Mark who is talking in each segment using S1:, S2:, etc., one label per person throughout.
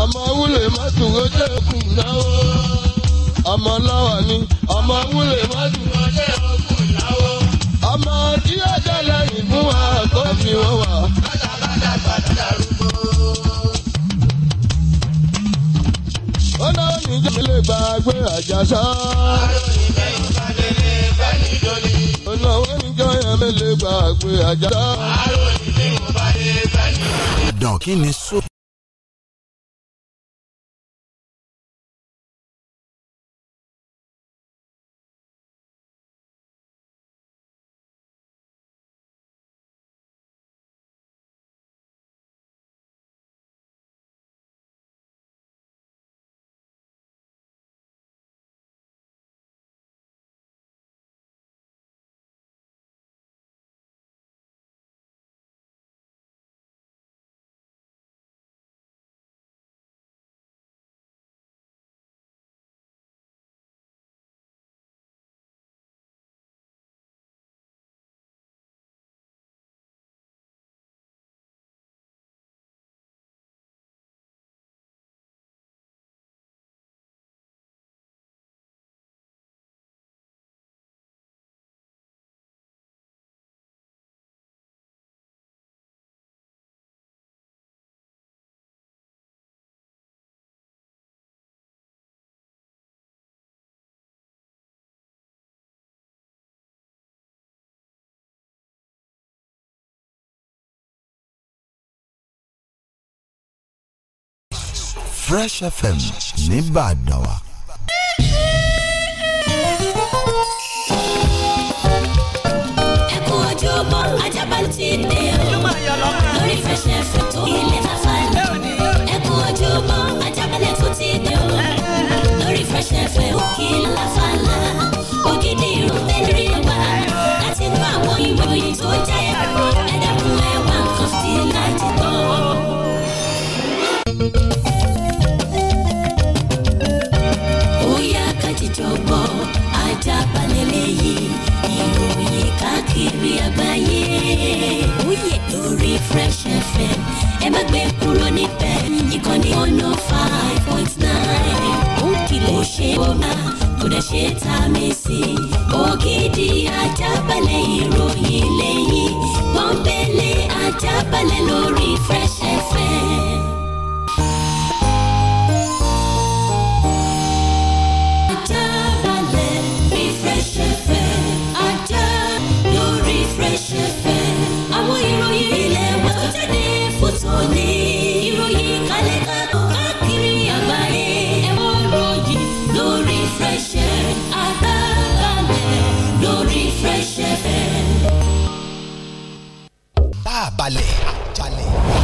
S1: ọmọ wúlò mọ́tò ojú ẹkùn
S2: náwó ọmọ lọ́wọ́ ni ọmọ wúlò mọ́tò ojú ẹkùn náwó ọmọ tí ó jẹ́ lẹ́yìn fún wa kó fi wọ́n wà.
S3: bàtàbàtà bàtà rúgbó.
S2: ó náwó ní ìjọba lè gba agbé àjàsá.
S1: àròyìn dọ̀kí ni so. Fresh FM
S2: nìbàdàn wa.
S3: ẹ kú ojúbọ Ajaabale ti dé o lórí Fresh FM tó ilé fàfàlẹ ẹ kú ojúbọ Ajaabale tó ti dé o lórí Fresh FM òkè làfàlà ògidì ìròyìn wa láti inú àwọn ìròyìn tó jáyé Fresh FM ẹ má gbé kúrò níbẹ̀ ìkànnì one oh five point nine ó kìlẹ̀ ó ṣe bọ́mà kò dẹ̀ ṣe tà mí sí i ògidì ajábalẹ̀ ìròyìn lẹ́yìn pọ́npẹ́lẹ́ ajábalẹ̀ lórí Fresh FM. ajá balẹ̀. balẹ̀.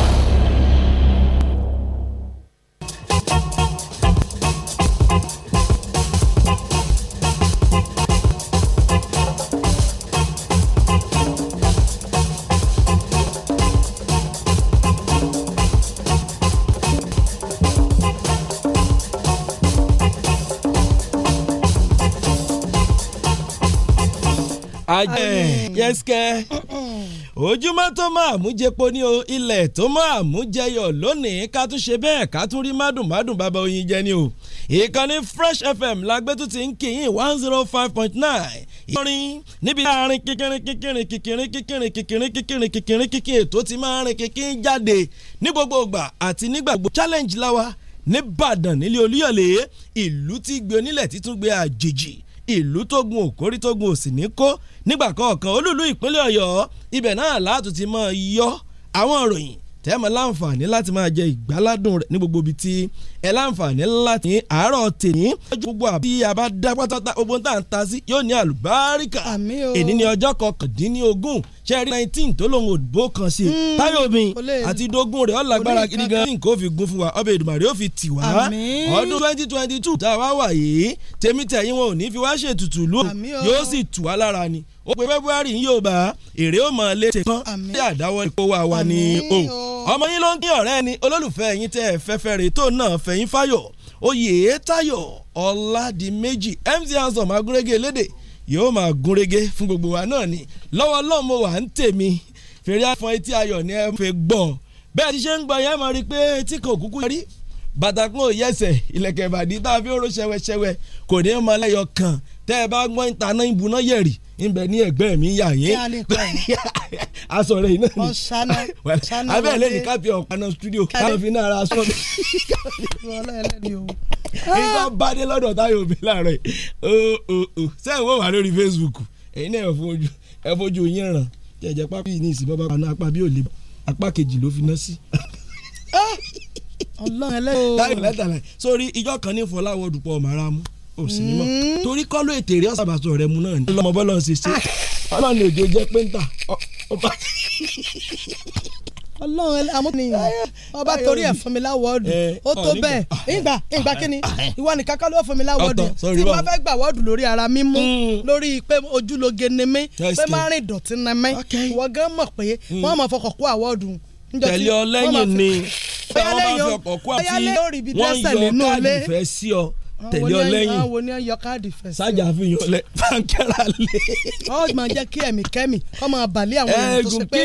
S4: ajẹ́ yẹ́sìkẹ́ ojúmọ́ tó máa mú jẹpo ní o ilẹ̀ tó máa mú jẹyọ lónìí ká tún ṣe bẹ́ẹ̀ ká tún rí mádùnmádùn bàbá oyin jẹ ni o ìkànnì fresh fm lágbẹ́tù ti ń kìyìn one zero five point nine ìkọrin níbi láàrin kíkìrín kíkìrín kíkìrín kíkìrín kíkìrín kíkìrín kíkìrín kíkìrín ètò ti máa rìn kíkìrín jáde ní gbogbo ìgbà àti nígbà gbogbo challenge la wa nìbàdàn nílé olúyọ̀lé ìlú tí gbé onílẹ̀ títún gbé àjèjì ìlú tógun òkórí tógun òsì ní kó nígbà kọ̀ọ̀kan olúlu ìpínlẹ̀ ọ̀yọ́ ibẹ̀ náà látún ti yọ àwọn ìròyìn tẹ́ láǹfààní láti máa jẹ ìgbáládùn rẹ̀ ní gbogbo ibi tí ẹ láǹfààní láti ní àárọ̀ tèmi lọ́jọ́ gbogbo àbí àbá dá pátápátá gbogbo tá à ń ta sí yóò ní àlùbáríkà èní ní ọjọ́ kọkàndínlógún ṣẹ́ẹ̀rí nineteen tó lòun òdìbò kan sí hmm, táyọ̀ mi àti dógún rẹ̀ ọ̀làgbára gidi gan ní nǹkan fi gun fún wa ọbẹ̀ Èdùmàrè ó fi tì wá ọdún twenty twenty two tá a wá wà yìí tèmi tẹ̀yìn wọn ò ní fi wá ṣètùtù lóhùn yóò sì tù wá lára ni ó pe february yóò bá èrè ó mọ̀ létè kan bí àdáwọ́ ìpò wa wà ní o ọmọ yín ló ń kín ọ̀rẹ́ ni olólùfẹ́ yín tẹ́ fẹ́fẹ́ rè tó náà fẹ̀yìn fáyọ̀ oyè tayo ọ̀làdìmẹ́jì mc hansom agúnrégé lédè yóò máa gúnrégé fún gbogbo wa náà ni lọ́wọ́ lọ́mọ wa ń tèmi fèrè àfọ̀n etí ayọ̀ ni ẹ fẹ́ gbọ́ bẹ́ẹ̀ ti ṣe ń gbọ́ yẹn máa rí pé tí kò kúkú rí bàtà kan ò ilẹ̀kẹ̀ ìbàdí tá a ṣẹwẹ́ṣẹwẹ́ kò ní í mọ lẹ́yọ kan tẹ́ ẹ bá gbọ́n ìta náà ń buná yẹ̀rì ńbẹ ní ẹgbẹ́ mi yà yín aṣọ rẹ̀ iná ni abẹ́ lẹ́yìn káfí ọ̀páná studio káfí náà ra aṣọ mi. nígbà bàdé lọ́dọ̀ táyọ̀ òbí láàárọ̀ yìí sẹ́yìn wọ́n wà lórí Facebook ẹ̀yin náà ẹ fojú yín ràn jẹ̀jẹ̀ pápí ní ìsìn bàbá àná apá bí òlè apá kejì ló fi ná sí.
S5: ọlọ́run ẹlẹ́yìn.
S4: sórí ìjọ kan ní fọláwọ́ dùpọ̀ màrá mu ò sí ní mọ̀ torí kọ́ ló ètè rí ọ̀sàbàtò rẹ mu náà ní. ọlọmọ bọ́lá ń ṣe ṣe ah.
S5: ọlọ́run òjò jẹ́ péńtà ọba. amúnìyàn ọba torí ẹ̀ fún mi láwọ́ọ̀dù ó tó bẹ́ẹ̀ ah. ìgbà ìgbà kí ni ah. nìkan kọ́ ló fún mi láwọ́ọ̀dù tí wọ́n fẹ́ gbà wọ́ọ̀dù lórí ara mi mú mm. lórí pé ojúloge ni mí pé má rìn dọ̀tí ni mí ìwọ gan mọ̀ pé mm. wọ́n mọ̀ fọkàn kó àwọ́ọ̀dù tẹ̀lé ọ lẹ́yìn ni wọ́n máa ọkọ̀ kó àti wọ́n yọ káàdì fẹ́ sí ọ tẹ̀lé ọ lẹ́yìn àwọn oní ẹyọ káàdì fẹsẹ̀ sájà fi yàn lẹ fankẹ́ra lé. ọ máa jẹ́ kí ẹ̀mí kẹ́mi ọ máa bàlẹ́ àwọn èèyàn tó ṣe pé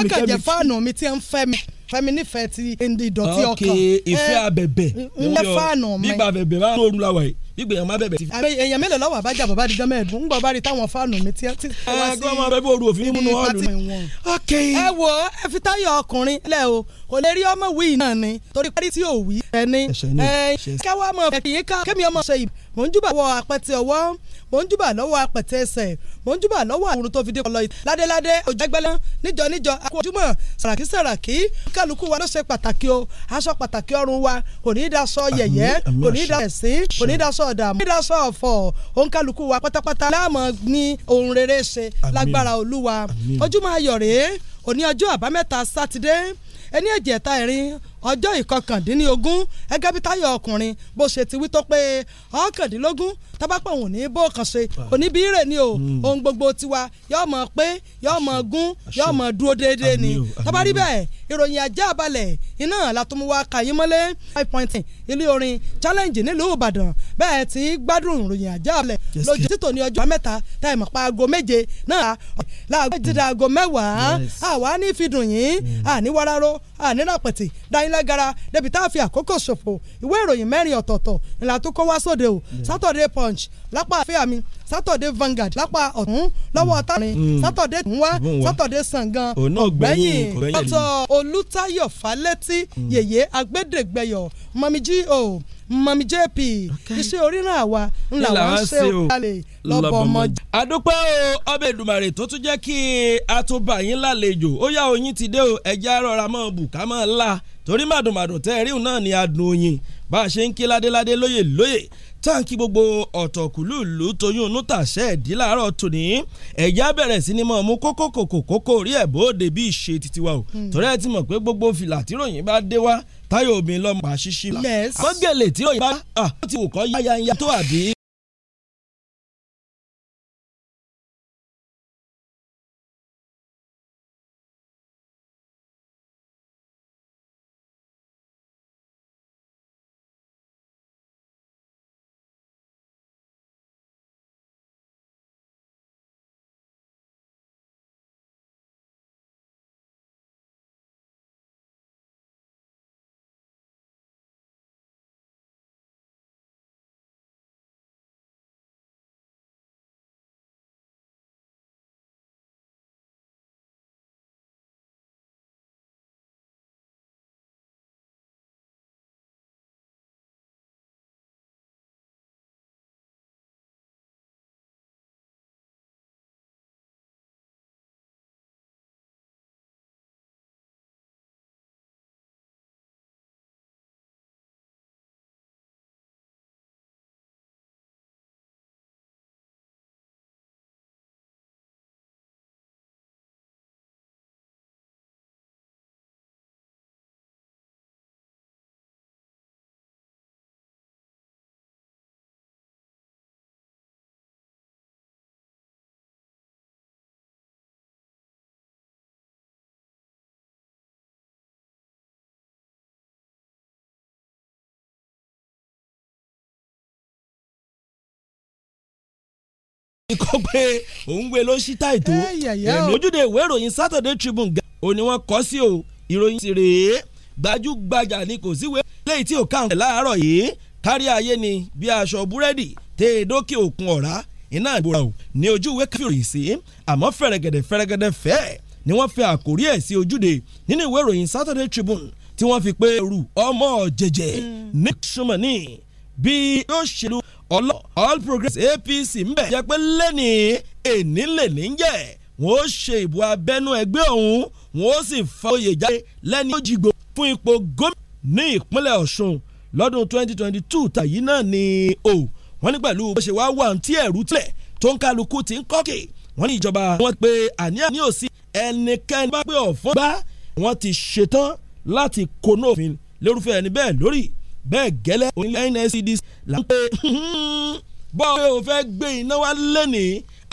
S5: ọkàn jẹ́ fáànù mi tí ń fẹ́ mi fẹ́mi nífẹ̀ẹ́ ti ìdọ̀tí ọkàn. ok ìfẹ́ eh, abẹ̀bẹ̀ gbígbà
S4: abẹ̀bẹ̀ máa ń lóorun la yìí gbígbà èèyàn máa bẹ̀bẹ̀.
S5: èèyàn mélòó lọ́wọ́ àbájá bàbá àdìjọ́ mẹ́ẹ̀ẹ́dún ńgbọ́ bá rí táwọn fáànù mi tí wá eh, sí ibi pati wọn. ok ẹ wo ẹ fi táyọ̀ ọkùnrin lẹ o kò lè rí ọmọ wíì náà ni torí parí tí ò wí ẹ káwá ọmọ fẹ̀kì mò ń júbà lọ́wọ́ apẹ̀tẹ̀ ọwọ́ mò ń júbà lọ́wọ́ apẹ̀tẹ̀ ẹsẹ̀ mò ń júbà lọ́wọ́ àrùn tó fi dé kọlọ ládéládé ojú ẹgbẹ́lá níjọ níjọ akó ojúmọ́ sàràkí sàràkí kálukú wa ló ṣe pàtàkì o aṣọ pàtàkì ọrùn wa kò ní í daṣọ yẹ̀yẹ́ kò ní í daṣọ ẹ̀sín kò ní í daṣọ ọ̀dààmú kò ní í daṣọ ọ̀fọ̀ òǹkálukú wa pátápátá láàmú ní ohun rere ṣe lágbára olúwa ojúmọ́ ayọ̀ òní ọjọ́ àbámẹ́ta sátidé ẹni ẹ̀jẹ̀ ta ẹ̀rin ọjọ́ ìkọkàndínlógún gẹ́gẹ́ bí táyọ̀ ọkùnrin bó ṣe ti wí tó pé ọ̀kàndínlógún tábàpọ̀ òun ní bó kan ṣe òní ni o ohun gbogbo tiwa yóò mọ̀ pé yóò mọ̀ gún yóò mọ̀ dúró déédéé ni tọ́ba bẹ́ẹ̀ ìròyìn ajá balẹ̀ iná látọmúwa kàyín mọ́lé five point ilé orin challenge nílùú Ìbàdàn bẹ́ẹ̀ ti gbádùn ìròyìn ajá balẹ̀ lójú títò ní ọjọ́ mẹ́ta táì mọ̀ pa aago méje náà láàgbé dídá aago mẹ́wàá àwa ní fìdùn yín àníwáráró ànínà pẹ̀tì dánilágara débi tá a fi àkókò ṣòfò ìwé ìròyìn mẹ́rin ọ̀tọ̀ọ̀tọ̀ ńlá tó kó wá sóde o Saturday Punch lápá àfíà mi Saturday Vanguard lápá ọ̀tún lọ́wọ́ mm. tárin mm. Saturday tún wá Saturday Sàngàn ọ̀gbẹ́yìn ọ̀tọ̀ Olùtayọ̀ Fálétí mm. yèyé agbẹ́dẹ́gbẹ́yọ̀ mọ̀mí g o Mami jp iṣẹ́ oríran àwa ńlá wa ń ṣe òkàlẹ̀ lọ́bọ̀ ọmọ. àdúpẹ́
S4: o ọbẹ̀ ìdùmàrè tó tún jẹ́ kí atúbà yín lálejò ó yá oyin ti dé o ẹja rọra mọ́ bùkà mọ́ ńlá torí màdùmàdùn tẹ́ ríhùn náà ni adùn oyin bá a ṣe ń kí ládéládé lóyè lóyè táǹkì gbogbo ọ̀tọ̀kùlùlù tóyún onútàṣẹ́ ẹ̀dí làárọ̀ tòní ẹ̀já bẹ̀rẹ̀ sí ni mọ̀ mú kókó kòkó kókó rí ẹ̀ bóde bí ìṣe titiwa o hmm. torí ẹ ti mọ̀ pé gbogbo fìlà tíròyìn bá dé wá táyọ̀ mi lọ́mọ àṣìṣe. kọ́gẹ̀lẹ̀ tí ó yẹ bá ó ti wù kọ́ yáyáyá tó àbí.
S1: kọ́ pé òun
S4: gbé ló ṣí táì ìwé ìròyìn Saturday Tribune ga ò ní wọ́n kọ́ sí o ìròyìn sì rèé gbajúgbajà ni kò síwèé léyìí tí ò káwọn láàárọ̀ yìí kárí ayé ni bí aṣọ búrẹ́dì tẹ e dókè òkun ọ̀rá iná ìbúra o ní ojú ìwé káfíìrì sí àmọ́ fẹ̀rẹ̀gẹ̀dẹ̀ fẹ̀rẹ̀gẹ̀dẹ̀ fẹ́ ni wọ́n fẹ́ àkórí ẹ̀ sí ojúde nínú ìwé ìròyìn Saturday Tribune tí wọ́n fi pé ru ọmọ jẹjẹ mm. Nick Shumani bí yóò ṣèlú ọlọ́ all progress apc ń bẹ̀ jẹ́ pé lẹ́ni èní lè ní jẹ́ wọ́n ó ṣe ìbò abẹ́nú ẹgbẹ́ ọ̀hún wọ́n ó sì fa oyè jáde lẹ́ni ó jìgbò fún ipò gómìnà ní ìpínlẹ̀ ọ̀ṣun lọ́dún 2022 tàyí náà ni o wọ́n ní pẹ̀lú bó ṣe wá wà ní ẹ̀rú tilẹ̀ tó ń kálukú ti ń kọ́kì wọ́n ní ìjọba wọn pé àní-àní ò sí ẹnikẹ́ni bá pé ọ̀fọ́n gbá wọ́n ti ṣetán láti kóná òfin lórúfẹ́ ẹni bẹ́ẹ̀ lórí bẹ́ẹ̀ gẹ́lẹ́ onílẹ̀ NSCDC là ń pè bọ́ọ̀ o fẹ́ gbé iná wá lẹ́nìí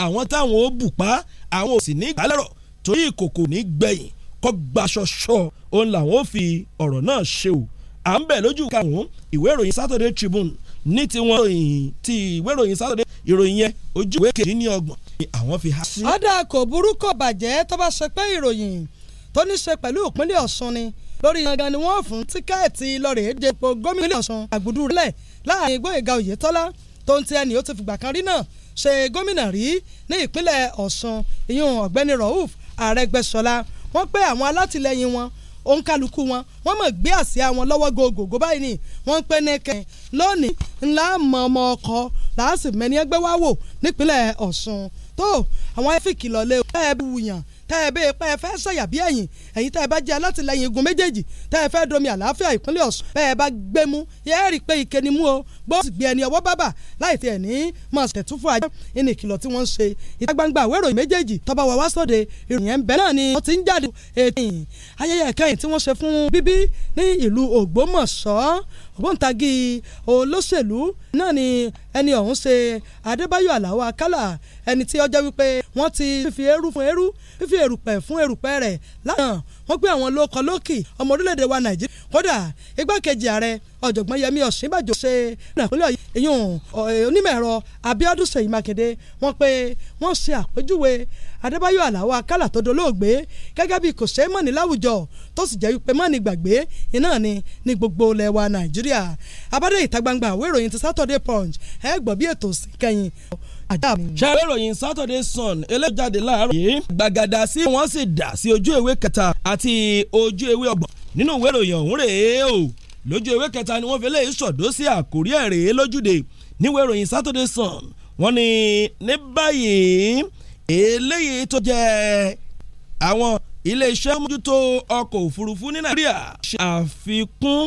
S4: àwọn táwọn ó bù pa àwọn ò sì ní gbàlẹ́rọ̀ torí ìkòkò ní gbẹ̀yìn kọ́ gbaṣọṣọ òun làwọn ó fi ọ̀rọ̀ náà ṣe o à ń bẹ̀ lójú karùn-ún ìwé ìròyìn Saturday Tribune ní tiwọn ìròyìn ti ìwé ìròyìn Saturday ìròyìn yẹn ojú ìwé kejì ní ọgbọ̀n ni àwọn fi
S5: há sí. ọ̀dà kò burúkọ̀ bàjẹ́ tó bá ṣe pé ìròyìn tó ní ṣe pẹ̀lú ìpínlẹ̀ Ọ̀ṣun ni lórí yangan ni wọ́n fún tíkẹ́ẹ̀tì lọ́rẹ̀ẹ́ dépò gómìnà ilé ọ̀sán àgùdù rẹ̀ láàrin Gbóyèga Oyètọ́lá tó ń ti ẹni ó ti fìgbà kan rí náà ṣe gómìnà rí ní ìpínlẹ̀ Ọ̀ṣun ìyún ọ̀gbẹ́ni Rauf Arẹ́gbẹ́ṣọlá wọ́n pé àwọn alátìlẹyìn wọn òǹkàlùkù wọn wọ́n mọ̀ gbé àsíá wọn lọ́wọ́ gògògò báyìí ni wọ́n ń pẹ́ nẹ́kẹ́ lónìí ńlá mọ ọmọ ọkọ làásì ẹgbẹ́ wá wò nípínlẹ̀ Ọ̀ṣun tó àwọn ẹ̀fìkì lọ́lẹ́ ẹ̀ bù yàn tá ẹ bẹ́ẹ̀ pẹ́ ẹ fẹ́ sẹ̀yà bí ẹ̀yìn ẹ̀yìn tá ẹ bá jẹ́ alátìlẹyìn igun méjèèjì tá ẹ fẹ́ domi àlàáfíà ìpínlẹ̀ Ọ̀ṣun bẹ́ẹ̀ bá gbé mu yẹ́ rí pé ike ni mú o bó sì gbé ẹni ọwọ́ bábà láì tiẹ̀ ní mọ̀ọ́sẹ̀ tún fún ajá ẹni ìkìlọ̀ tí wọ́n ń ṣe ìta gbangba àwérò méjèèjì tọ́ba wà wá sóde ìròyìn bẹ́ẹ̀ náà ni wọ́n ti ń ògbóǹtagì olóṣèlú náà ni ẹni ọ̀hún ṣe Adébáyọ̀ Aláwọ̀ Akálà ẹni tí ó jẹ́ wípé wọ́n ti fífi eérú fún eérú fífi èrùpẹ̀ fún èrùpẹ̀ rẹ̀ lánàá wọ́n gbé àwọn lóko lókì ọmọ orílẹ̀-èdè wa nàìjíríà kódà igbákejì ààrẹ ọ̀jọ̀gbọ́n yẹmí ọ̀sínbàjò ṣe ìpínlẹ̀ ìyún eh, onímọ̀ ẹ̀rọ abíọ́dún ṣèyí mákindé wọ́n pé wọ́n ṣe àpèjúwe adébáyọ̀ aláwọ̀ akálà tó dolóògbé gẹ́gẹ́ bí kò ṣe é mọ̀ní láwùjọ tó sì jẹ́ wípé mọ̀ní gbàgbé iná ni ní gbogbo ilẹ̀ wa nàìjíríà abádé ìta gbangba ìwé ìròyìn ti Saturday Punch ẹ gbọ́ bí ètò sí kẹ́yìn ajá mi. ṣàlàyé ìròyìn Saturday Sun
S4: eléjáde láàárọ̀ yìí gbàgàdà sí wọ́n sì dà sí ojú ìwé kẹta àti ojú ìwé ọgbọ̀n nínú ìwé ìròyìn ọ̀hún rèé o lójú ìwé kẹta ni wọ́n fi léyìí sọ̀dọ́ sí àkórí ẹ̀ rèé lójúde níwèé ìròyìn Saturday Sun wọ́n ní ní báyìí eléyìí tó jẹ́ àwọn iléeṣẹ́ mójútó ọkọ̀ òfurufú ní Nàìjíríà ṣe àfikún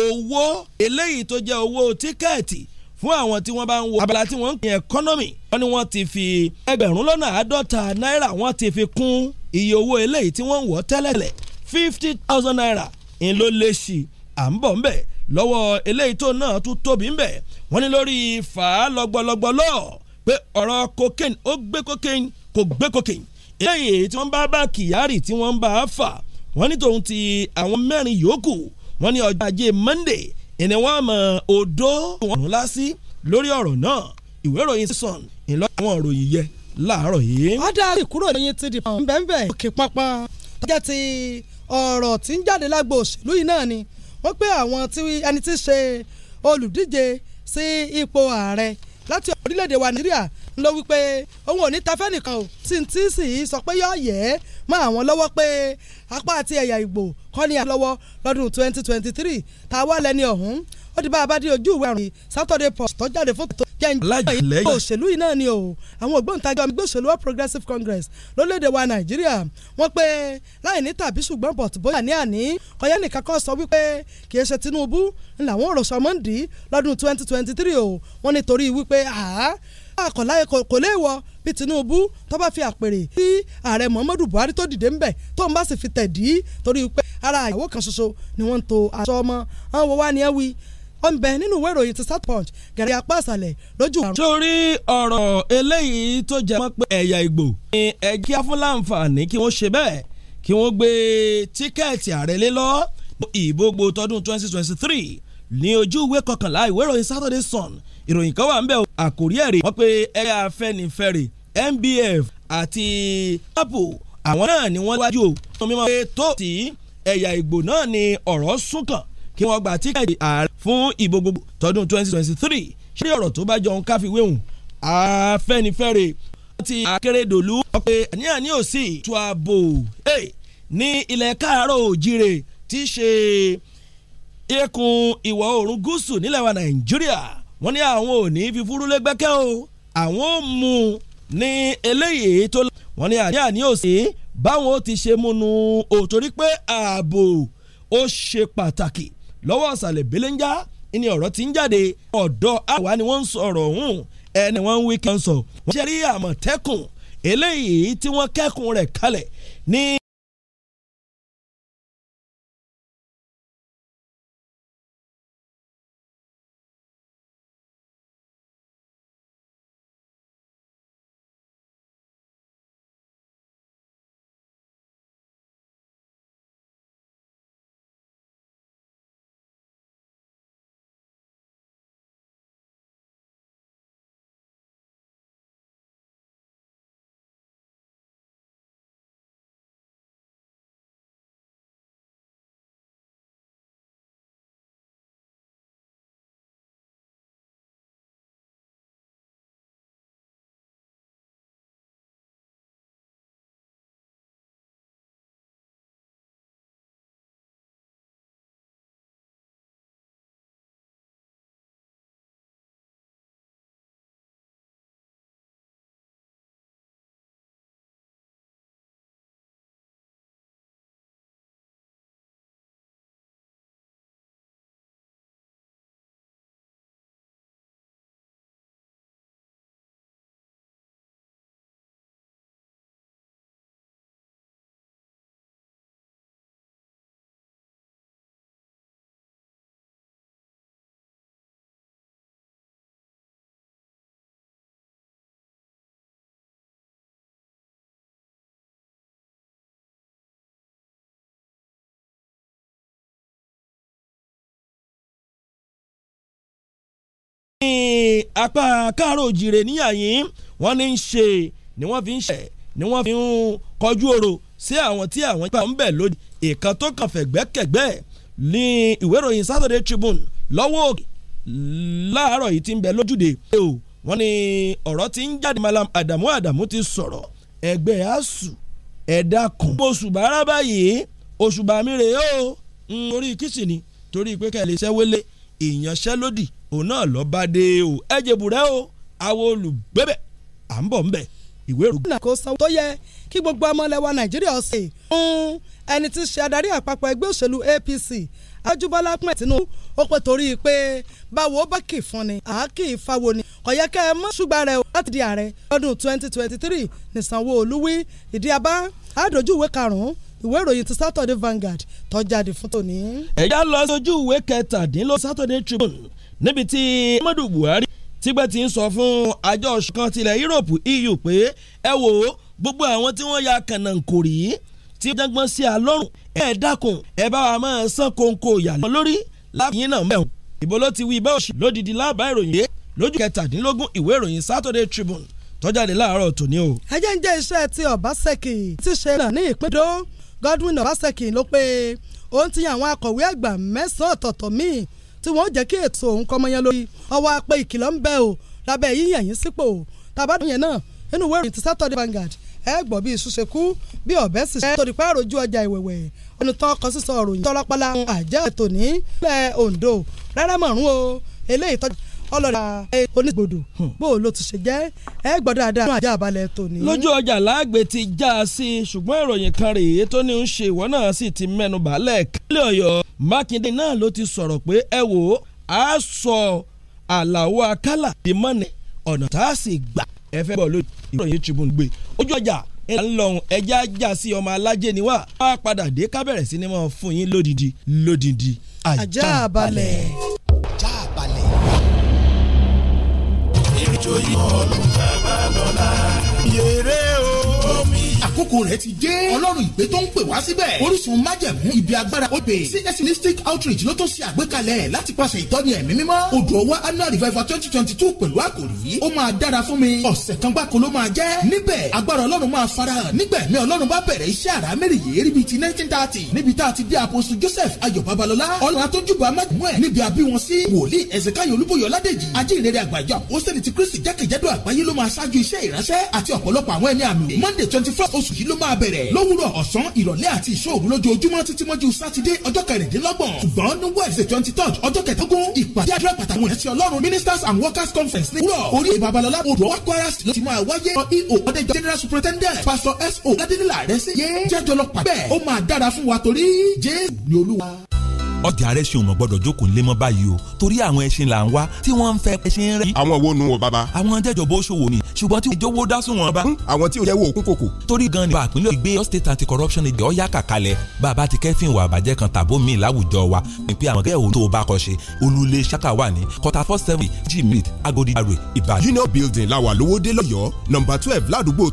S4: owó eléyìí tó jẹ́ owó tíkẹ́ẹ̀tì fún àwọn tí wọ́n bá ń wo abala tí wọ́n ń pín ẹkọ́nọ́mì wọ́n ní wọ́n ti fi ẹgbẹ̀rún lọ́nà àádọ́ta náírà wọ́n ti fi kún iye owó eléyìí tí wọ́n ń wọ́ tẹ́lẹ̀tẹ́lẹ̀ fifty thousand naira ń ló lé sí à ń bọ̀ ńbẹ̀ lọ́wọ́ eléyìí tó náà tún tóbi ńbẹ̀ wọ́n ní lórí fà á lọ́gbọ́lọ́gbọ́ lọ pé ọ̀rọ̀ cocaine ó gbé cocaine kò gbé cocaine eléyìí tí wọ́n bá bá Kyari tí wọ́n bá fà wọ́n ní tòun ti àwọn mẹ́rin yòókù wọ́n ní ọjọ́ ajé Monday ìní wọn mọ odó wọn ńlá sí lórí ọ̀rọ̀ náà ìwé ìròyìn sísan ìlọ àwọn ìròyìn yẹ láàárọ̀ yìí.
S5: ọ̀dà ìkúrò ìròyìn ti di pọ̀n bẹ́ẹ̀nbẹ́ẹ̀ òkè pọ́npọ́n tọ́jà ti ọ̀rọ̀ tí ń jáde lágbo òṣèlú yìí náà ni wọ́n pé àwọn tí ẹni tí ń ṣe olùdíje sí ipò ààrẹ láti orílẹ̀-èdè wa Nàìjíríà ń lọ wípé òun ò ní tafẹ́ nìkan ò tí ń tí sì sọ pé yọ̀ọ́ yẹ́ mọ́ àwọn lọ́wọ́ pé apá àti ẹ̀yà Ìgbò kọ́ ní àlọ́wọ́ lọ́dún 2023 tá a wá lẹ́ni ọ̀hún ó ti bá a bá dé ojú ìwé àrùn Saturday Post tó jáde fún tó jẹ́ òṣèlú yìí náà ni o àwọn ògbóǹtagì ọmọ ẹgbẹ́ òṣèlú All Progressives Congress lórílẹ̀‐èdè wa Nàìjíríà wọ́n pé láì ní tàbí ṣùgbọ́n bọ̀t bóyá ní àní kọ́yá nìkan kan sọ wípé kì í ṣe Tinubu làwọn òròṣọ́ mọ́ndì lọ́dún 2023 o wọ́n nítorí wípé àá àkọlá kò lè wọ bí Tinubu tó bá fi àpèrè tí ààrẹ Muhammadu Buhari tó dìde ńbẹ tó ń bá sì fi tẹ̀dí torí pé ara ìyàwó kan ṣoṣo ni wọ́n ń to aṣọ ọmọ àwọn wo wá ni ẹ wí ó ń bẹ nínú ìwé ìròyìn ti Star Punch gẹ̀rẹ́ apá àṣàlẹ̀ lójú.
S4: sórí ọ̀rọ̀ eléyìí tó jẹ mọ́ pé ẹ̀yà Ìgbò ni ẹ̀jẹ̀ afúnláǹfààní kí wọ́n ṣe bẹ́ẹ̀ kí wọ́n gbé tíkẹ́ẹ̀tì ààrẹ lé lọ ìbò gbogbo tọdún 2023 ní ojú ìwé kọkànlá ìwé ìròyìn Saturday Sun ìròyìn kan wà ń bẹ̀ àkórí ẹ̀rẹ̀ wọ́n pe ẹgbẹ́ afẹ́nifẹ́re NBF àti apu àwọn náà ni wọ́n wájú o mímọ́ pé tó tí ẹ̀yà ìgbò náà ni ọ̀rọ̀ sún kàn kí wọ́n gba tíkẹ́ẹ̀tì ààrẹ fún ìbò gbogbo tọdún 2023 ṣé ọ̀rọ̀ tó bá jọun káfíwéhùn afẹ́nifẹ́re ti akérèdọ́lù wọ́n pe àníyàn ní òsì tu ààbò ní ilẹ̀ káàárọ̀ òjire tí ṣe ẹkùn ìwọ̀ oòrùn gúúsù nílẹ̀ wa Nàìjíríà wọ́n ní àwọn ò ní fi fúrúlé gbẹ́kẹ́ o àwọn ò mú un ní eléyìí tó lọ. wọ́n ní àní àní òsì báwọn ó ti ṣe múnú o torí pé ààbò ó ṣe pàtàkì lọ́wọ́ ọ̀sàlẹ̀ belenja ni ọ̀rọ̀ ti ń jáde ọ̀dọ̀ àwa ni wọ́n ń sọ̀rọ̀ ọ̀hún ẹni wọ́n ń wí kí wọ́n sọ. wọ́n ṣe rí àmọ̀tẹ́kùn eléyìí tí wọ́n kẹ́kùn rẹ̀ kalẹ̀ ní. apá káàrọ̀ òjìrè níyà yìí wọ́n ní í ṣe ni wọ́n fi ń ṣe ni wọ́n fi ń kọjú ọ̀rọ̀ sí àwọn tí àwọn ipa ń bẹ̀ lódì ìkan tó kàn fẹ̀gbẹ́kẹ̀gbẹ́ ní ìwé ìròyìn Saturday Tribune lọ́wọ́ òkè láàárọ̀ yìí ti ń bẹ lójúde wọ́n ní ọ̀rọ̀ tí ń jáde malam Adamu Adamu ti sọ̀rọ̀ ẹgbẹ́ asu ẹ̀dá kan. oṣù bàárà báyìí oṣù bàmí rèé o torí kìsì ni torí pé kẹ́lẹ́ iṣẹ́ wélé ìyanṣẹ́lódì òun náà lọ bá
S5: dé o ẹ̀jẹ̀ o àwọn olùgbébẹ̀ à ń bọ̀ ń bẹ̀ ìwé ìròyìn. gómìnà kò tó yẹ kí gbogbo ọmọlẹ́wà nàìjíríà ọ̀sẹ̀ fún ẹni tí ṣe adarí àpapọ̀ ẹgbẹ́ òṣèlú APC ajúbọ́lá pẹ̀ tinubu ó pẹ́ torí pé báwo bá kì í fún ni àá kì í fáwo ni kò di ààrẹ lọ́dún 2023 ní sanwó wí ìdí abá ìwé karùn
S4: níbi tí Muhammadu Buhari tígbẹ́ ti ń sọ fún àjọ kan tilẹ̀ Europe EU pé ẹ wò ó gbogbo àwọn tí wọ́n ya kànáńkòrì tí wọ́n jágbọ́n sí alọ́rùn ẹ dákun ẹ bá wa máa san kóńkó ìyàlọ́ lórí láàyè náà mẹ́wọ̀n ìbò ló ti wí bẹ́ẹ̀ òsì lódìdí lábá ìròyìn yé lójú kẹtàdínlógún ìwé ìròyìn Saturday Tribune tó jáde láàárọ̀ tòní o.
S5: ẹjẹ́ ń jẹ́ iṣẹ́ ti Obaseki ti ṣe náà ní ìpínlẹ̀ Godwin Obaseki ló pé òun ti yan àwọn akọ̀wé àgbà mẹ́sàn-án ọ̀tọ̀ọ̀tọ̀ míì tí wọ́n jẹ́ kí ètò òun kọ́ mọ́yán lórí ọwọ́ apẹ ìkìlọ̀ ń bẹ́ o lábẹ́ yíyàn yín sípò tàbádùn yẹn náà nínú ìwé ìròyìn ti Saturday Vanguard ẹ gbọ́ bí iṣu kú bí ọ̀bẹ sì ṣe torí pé àròjù ọjà ìwẹ̀wẹ̀ ẹnu tán kọ sísọ òròyìn tọ́lọ́pàá la àjẹ́ ètò ní ilẹ̀ Ondo rẹ́rẹ́ mọ̀rún o eléyìí tọ́jú ọlọ́dà onígbòdò hmm. bó ló ti ṣe jẹ́ ẹ gbọ́ dáadáa nínú àjà àbálẹ̀ tòní. lójú
S4: ọjà láàgbé ti já a sí i ṣùgbọ́n ìròyìn kan rèé tó ní ń ṣe ìwọ náà sì ti mẹ́nu bàálẹ̀ kílẹ̀ ọ̀yọ́ mákindé náà ló ti sọ̀rọ̀ pé ẹ wò ó a sọ àlàó akálà di mọ́ni ọ̀nà tá a sì gbà ẹ fẹ́ bọ̀ lójú ìròyìn tribune gbé ojú ọjà ńlá ń lọrun ẹja ajá sí ọmọ alájẹ ni wá wá padà dé ká bẹ̀rẹ̀ fún yín lódìdí lódìdí ajá balẹ̀.
S6: ìjòyè ọlọ́run bàbá lọ́la. yèrè àkókò rẹ̀ ti dé ọlọ́run ìgbé tó ń pè wá síbẹ̀ orísun májẹ̀mú ibi agbára ó bè cs mystic outreach ló tó ṣe àgbékalẹ̀ láti pàṣẹ ìtọ́ni ẹ̀mí mímọ́ odò ọwọ́ annual revival twenty twenty two pẹ̀lú àkòrí ó máa dára fún mi ọ̀sẹ̀ kan gbáko ló máa jẹ́ níbẹ̀ agbára ọlọ́run máa farahàn nígbà ẹ̀mí ọlọ́run bá bẹ̀rẹ̀ iṣẹ́ àrá mẹ́rin yìí ríbi ti nineteen thirty níbi tá a ti dé àpòsù joseph ayọ̀ babalọ́lá ọlọ́run atójúbà májẹ̀mú ẹ̀ níbi àbí wọn sí wòlíì ẹ̀sìnkáyọ̀ olúbọ̀yọ̀ ládèjì ajínrere àgbàjọ àpòsílẹ̀ ti kristi jákèjádò àgbáyé ló máa ṣáájú iṣẹ́ ìránṣẹ́ àti ọ̀pọ̀lọpọ̀ àwọn ẹni àmì monday twenty first oṣù oṣù yìí ló máa bẹ̀rẹ̀ lówùrọ̀ ọ̀sán ìrọ̀lẹ́ àti ìṣòro lójoojúmọ́ títí mọ́jú sátidé ọjọ́ kẹrìndínlọ́gbọ̀n ṣùgbọ́n ní wednesday twenty third ọjọ́ kẹtàgún ìpàdé àdúrà pàtàkì wọn ẹ̀sìn ọlọ́run ministers and workers conference ní wúrọ̀ orí babalọlá odò wa kwara ló ti máa wáyé eo ọdẹjọ general superintendent pastor so ladinila yé jẹjọ ọjà arẹ́sìn òmò gbọ́dọ̀ jókòó nílé mọ́ báyìí o torí àwọn ẹṣin là ń wá tí wọ́n ń fẹ́ ẹṣin rẹ̀. àwọn wo nu wo baba. àwọn jẹjọ bó ṣòwò ni ṣùgbọ́n tí ìjọwọ́ dá sùn wọn bá. àwọn tí ò jẹ́wọ́ òkú kòkò. torí gan ni bá àpínlẹ̀ ìgbé Ọ̀yọ́ state anti corruption ìgbé ọ̀yá kàkalẹ̀ bàbá ti kẹ́fìn wà bàjẹ́ kan tàbó mi láwùjọ wa ní pé àwọn gẹ́gẹ́ òun tó bá kọ ṣe olùlé ṣáká wà ní kọta four seven gmit agodi àrè la wà lówódé lọ́yọ́ọ́ nọ́mbà twelve ládùúgbò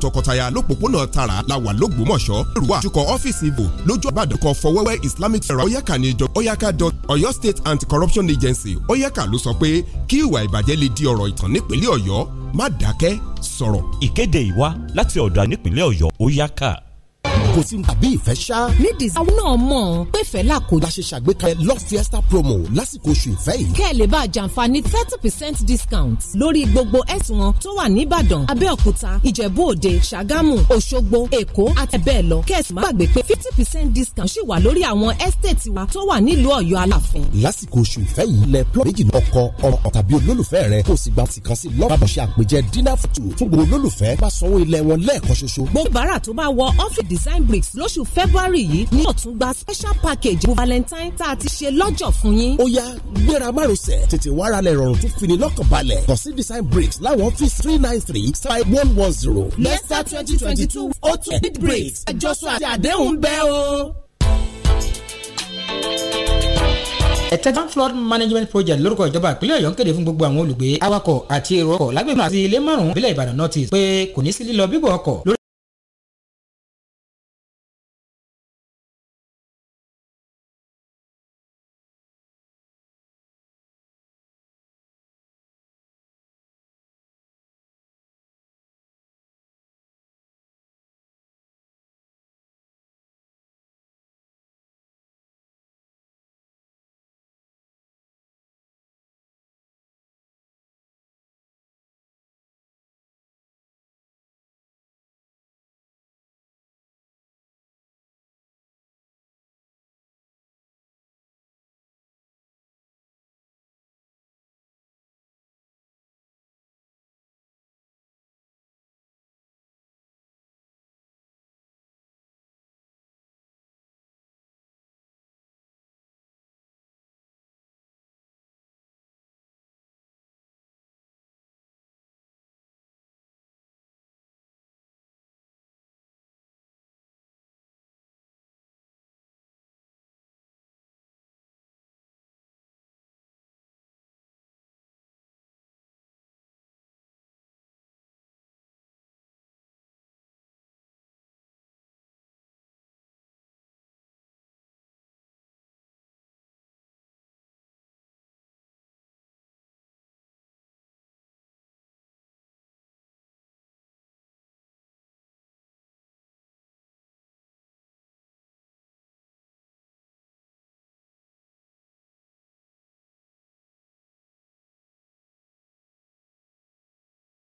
S6: la wà lógbómọ̀ṣọ́ èrúwà àtúkọ̀ ọ́fíìsì ibò lójú àbàdàn kọ fọwẹ́wẹ́ islamic fẹ̀rẹ̀ ọ̀yá kàní ìjọba oyaka.oyo state anti-corruption agency oyaka ló sọ pé kí ìwà ìbàjẹ́ lè di ọ̀rọ̀ ìtàn nípínlẹ̀ ọ̀yọ́ má dákẹ́ sọ̀rọ̀. ìkéde ìwá láti ọ̀dọ̀ nípínlẹ̀ ọ̀yọ́ oyaka
S7: kò sí tàbí ìfẹ́ ṣá. nídìí àwọn náà mọ̀ pé fẹ́lá kò.
S6: la ṣe ṣàgbékalẹ̀ love fiesta promo lásìkò oṣù ìfẹ́ yìí. kẹ́ ẹ̀ lè bá a jàǹfààní thirty percent discount lórí gbogbo ẹ̀sùn wọn tó wà níbàdàn abẹ́òkúta ìjẹ̀bú-òde ṣàgámù
S7: òṣogbo èkó àti bẹ́ẹ̀ lọ kẹ́ ẹ̀ sì pé fifty percent discount ṣì wà lórí àwọn estate wa tó wà nílùú ọ̀yọ́ aláàfin.
S6: lásìkò oṣù ìfẹ́ yìí lẹ plọ́ méjì ọkọ ọmọ tàbí olólùfẹ́ rẹ kó o sì gba tìkan sí lọ́wọ́ àbọ̀ṣe àpèjẹ dínà fùtù fún gbogbo olólùfẹ́ bá sanwó ilẹ̀ wọn lẹ́ẹ̀kan ṣoṣo. gbogbo bàárà tó bá wọ ọ́fíìdì design bricks lóṣù february yìí ní ọ̀tún gba special package bu valentine tá a ti ṣe lọ́jọ̀ fún yín. ó yá gbéra márosẹ̀ tètè wàrà lẹ̀ rọrùn tó fini lọ́kàn balẹ̀ kàn sí design bricks láwọn ọ́fíìsì three nine three five one one zero. lẹ́sà twenty twenty two
S4: ó tún design bricks àjọṣọ àti àdéhùn bẹ́ẹ̀ o. Ẹ̀tẹ́gán flood management project lórúkọ ìjọba ìpínlẹ̀ Ọ̀yọ́ ń kéde fún gbogbo àwọn olùgbé awakọ̀ àti èrò ọkọ̀ lágbègbè àti ilé márùn-ún ìbílẹ̀ Ìbàdàn north east pé kò ní sí lílọ bíbọ̀ ọkọ̀ lórí.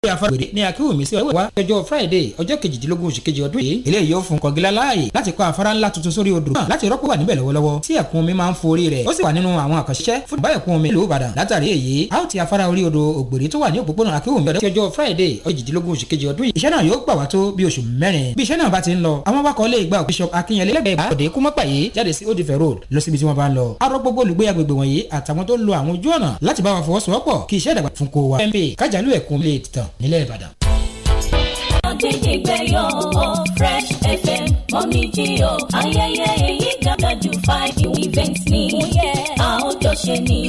S4: pé afárá ní akíwùmí sí ọwọ́ ọjọ́ friday ọjọ́ kejìdínlógún oṣù kejì ọdún yìí eléyìí yóò fún kọ̀ǹgílá láàyè láti kọ́ afárá ńlá tuntun sórí odò náà láti rọ́pò wà níbẹ̀ lọ́wọ́lọ́wọ́ tí ẹ̀kún omi máa ń forí rẹ̀ ó sì wà nínú àwọn àkànṣiṣẹ́ fún báyọ̀ omi ìlú ìbàdàn látàrí èyí a ó ti afárá orí odò ògbèrè tó wà ní òpópónà akíwùmí ọjọ́ friday ọjọ́ kájàlú ẹ̀kún lè tàn nílẹ̀ ìbàdàn.
S3: àjíjìgbẹ́yọ̀ fresh fm mọ́mí jí o ayẹyẹ èyí gàdájú five events ni jọ ṣe ni.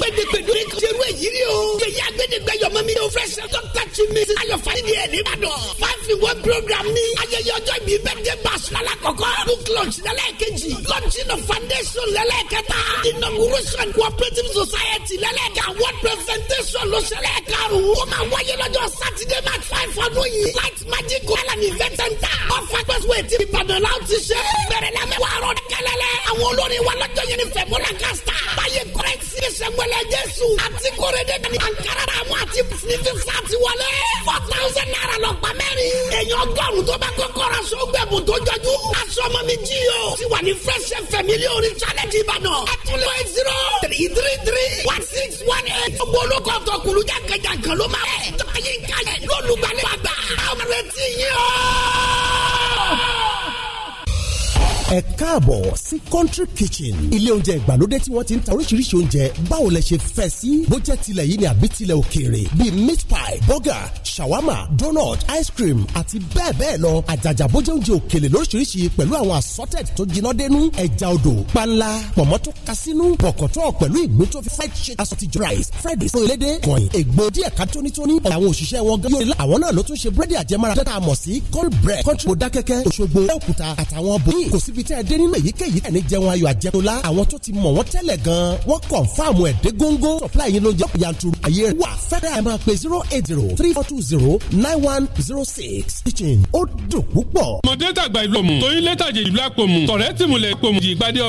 S3: gbẹdẹgbẹdẹ kan ṣerú èyí rí o.
S7: yẹyẹ agbẹdẹgbẹ yọmọ mi yóò fẹsẹ dókítà tí mi. ayọ̀ fani ẹ̀ nìbàdàn. five in one program ni. ayẹyẹ ọjọ́ ìbí birthday bash lálàkọ́kọ́. book launch lẹ́lẹ́kejì. launching of foundation lẹ́lẹ́kẹta. inauguration cooperative society lẹ́lẹ́kẹ award presentation ló ṣẹlẹ̀ karùn-ún. ó máa wáyé lọ́jọ́ sátidé march five ọdún yìí. light magic wàhálà ní event center. ọ̀fà pẹ̀sùwẹ̀tì ìbàdàn láti ṣe. bẹ̀rẹ̀ lamẹ́wàá rọ̀ kẹlẹ́lẹ́. àwọn olórin wa lọ́jọ́ yẹn ni fẹ̀mọ́lá kásì ta. báyìí kọ́rẹ́ sí ìṣẹ̀gbẹ́lẹ̀ jésù. àti kórede ní ankara ramu àti sinifi sati wọlé. four thousand naira lọ gba mẹ́rin. èèyàn ọgọ́rùn tó bá kọ́kọ́ ra so gbẹ̀bùn tó jọjú. aṣọ ọmọ mi jí o. ti wà ní fresh fm ilé orin challenge ìbàdàn. ẹ tún zero three three three one six one eight. gbogbo olóko ọ̀tọ̀ kulu jákèjàkè ló máa wẹ̀. tọ́yìn kalẹ̀
S6: ẹ káàbọ̀ sí country kitchen ilé oúnjẹ ìgbàlódé tí wọ́n ti ń ta oríṣiríṣi oúnjẹ báwo lẹ ṣe fẹ́ sí bó jẹ́ tilẹ̀ yìí ni àbí tilẹ̀ òkèèrè bíi meat pie burger shawarma donut ice cream àti bẹ́ẹ̀ bẹ́ẹ̀ lọ àjàjà bó jẹ́ oúnjẹ òkèlè lóríṣiríṣi pẹ̀lú àwọn assorted tó jiná dénú ẹja odò panla pọ̀mọ́ tó ka sínú pọ̀kọ̀tọ̀ pẹ̀lú ìgbín tó fi fried chicken assorted rice fried rice oyelédé kọ̀yìn ègbò díẹ̀ ká tónítóní àwọn òṣìṣẹ́ wọn gan yóò àwọn náà ló tún ṣe búrẹ́dì àjẹmára tẹ́tà mọ̀ cold bread country kò dákẹ́kẹ́ òṣogbo ẹ̀kúta àtàwọn bòmí kò sí níbikíbi tẹ́ ẹ dé nínú èyíkéyìí ẹni jẹun ayọ̀ àjẹtọ́lá àwọn tó ti mọ̀ wọ́n tẹ́lẹ̀ gan wọ́n confirm ẹ̀ dé góńgó supply yín ló jẹ́ yanturu ayé rẹ̀ wà fẹ́rẹ́ ẹ̀ máa pe zero eight zero three four two zero nine one zero six kitchen ó
S8: dùn púpọ̀. mọ̀dé tàgbà ìlú òmù tóyin létàjẹ̀ ìlú àpòmù tọ̀rẹ́ tìmùlẹ̀ ìpòmù ìgbàdé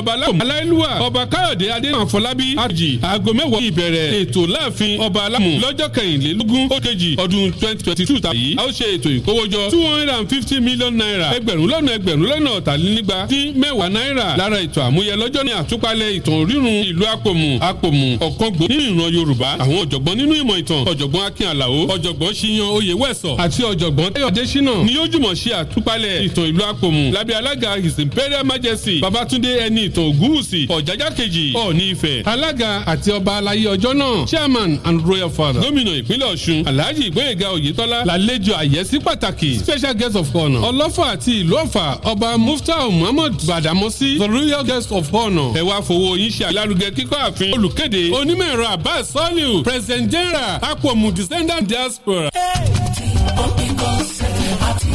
S8: dín mẹ́wàá náírà lára ètò àmúyẹ lọ́jọ́ ní àtúpalẹ̀ ìtàn rírun ìlú àpòmù àpòmù ọ̀kọ́gbò ní ìran yorùbá àwọn ọ̀jọ̀gbọ́n nínú ìmọ̀ ìtàn ọ̀jọ̀gbọ́n akin àlàó ọ̀jọ̀gbọ́n ṣiyan oyèwẹ̀sọ àti ọ̀jọ̀gbọ́n tẹ́yọ̀ adésínà ni yóò jùmọ̀ ṣe àtúpalẹ̀ ìtàn ìlú àpòmù lábẹ́ alága his imperial majesty babatunde ẹni ìtàn ògúwùsì ọ̀jájá kejì ọ̀ọ́ni ifẹ̀ alága àti ọba alayé ọjọ́ náà chairman and royal father gómìnà ìpínlẹ̀ ọ̀ṣun alhaji ìgbóyèga oyètọ́lá lálejò àyẹ́sí pàtàkì special guest of honour ọlọ́fà àti ìlú ọ̀fà ọba muftau muhammad Lord Gbàdámọ́sí the royal guest of honour ẹ wá fowó yín ṣe àlárugẹ kíkọ́ ààfin olùkéde onímọ̀ ẹ̀rọ Abbas Saliu president general akpomu descendant diaspora. àti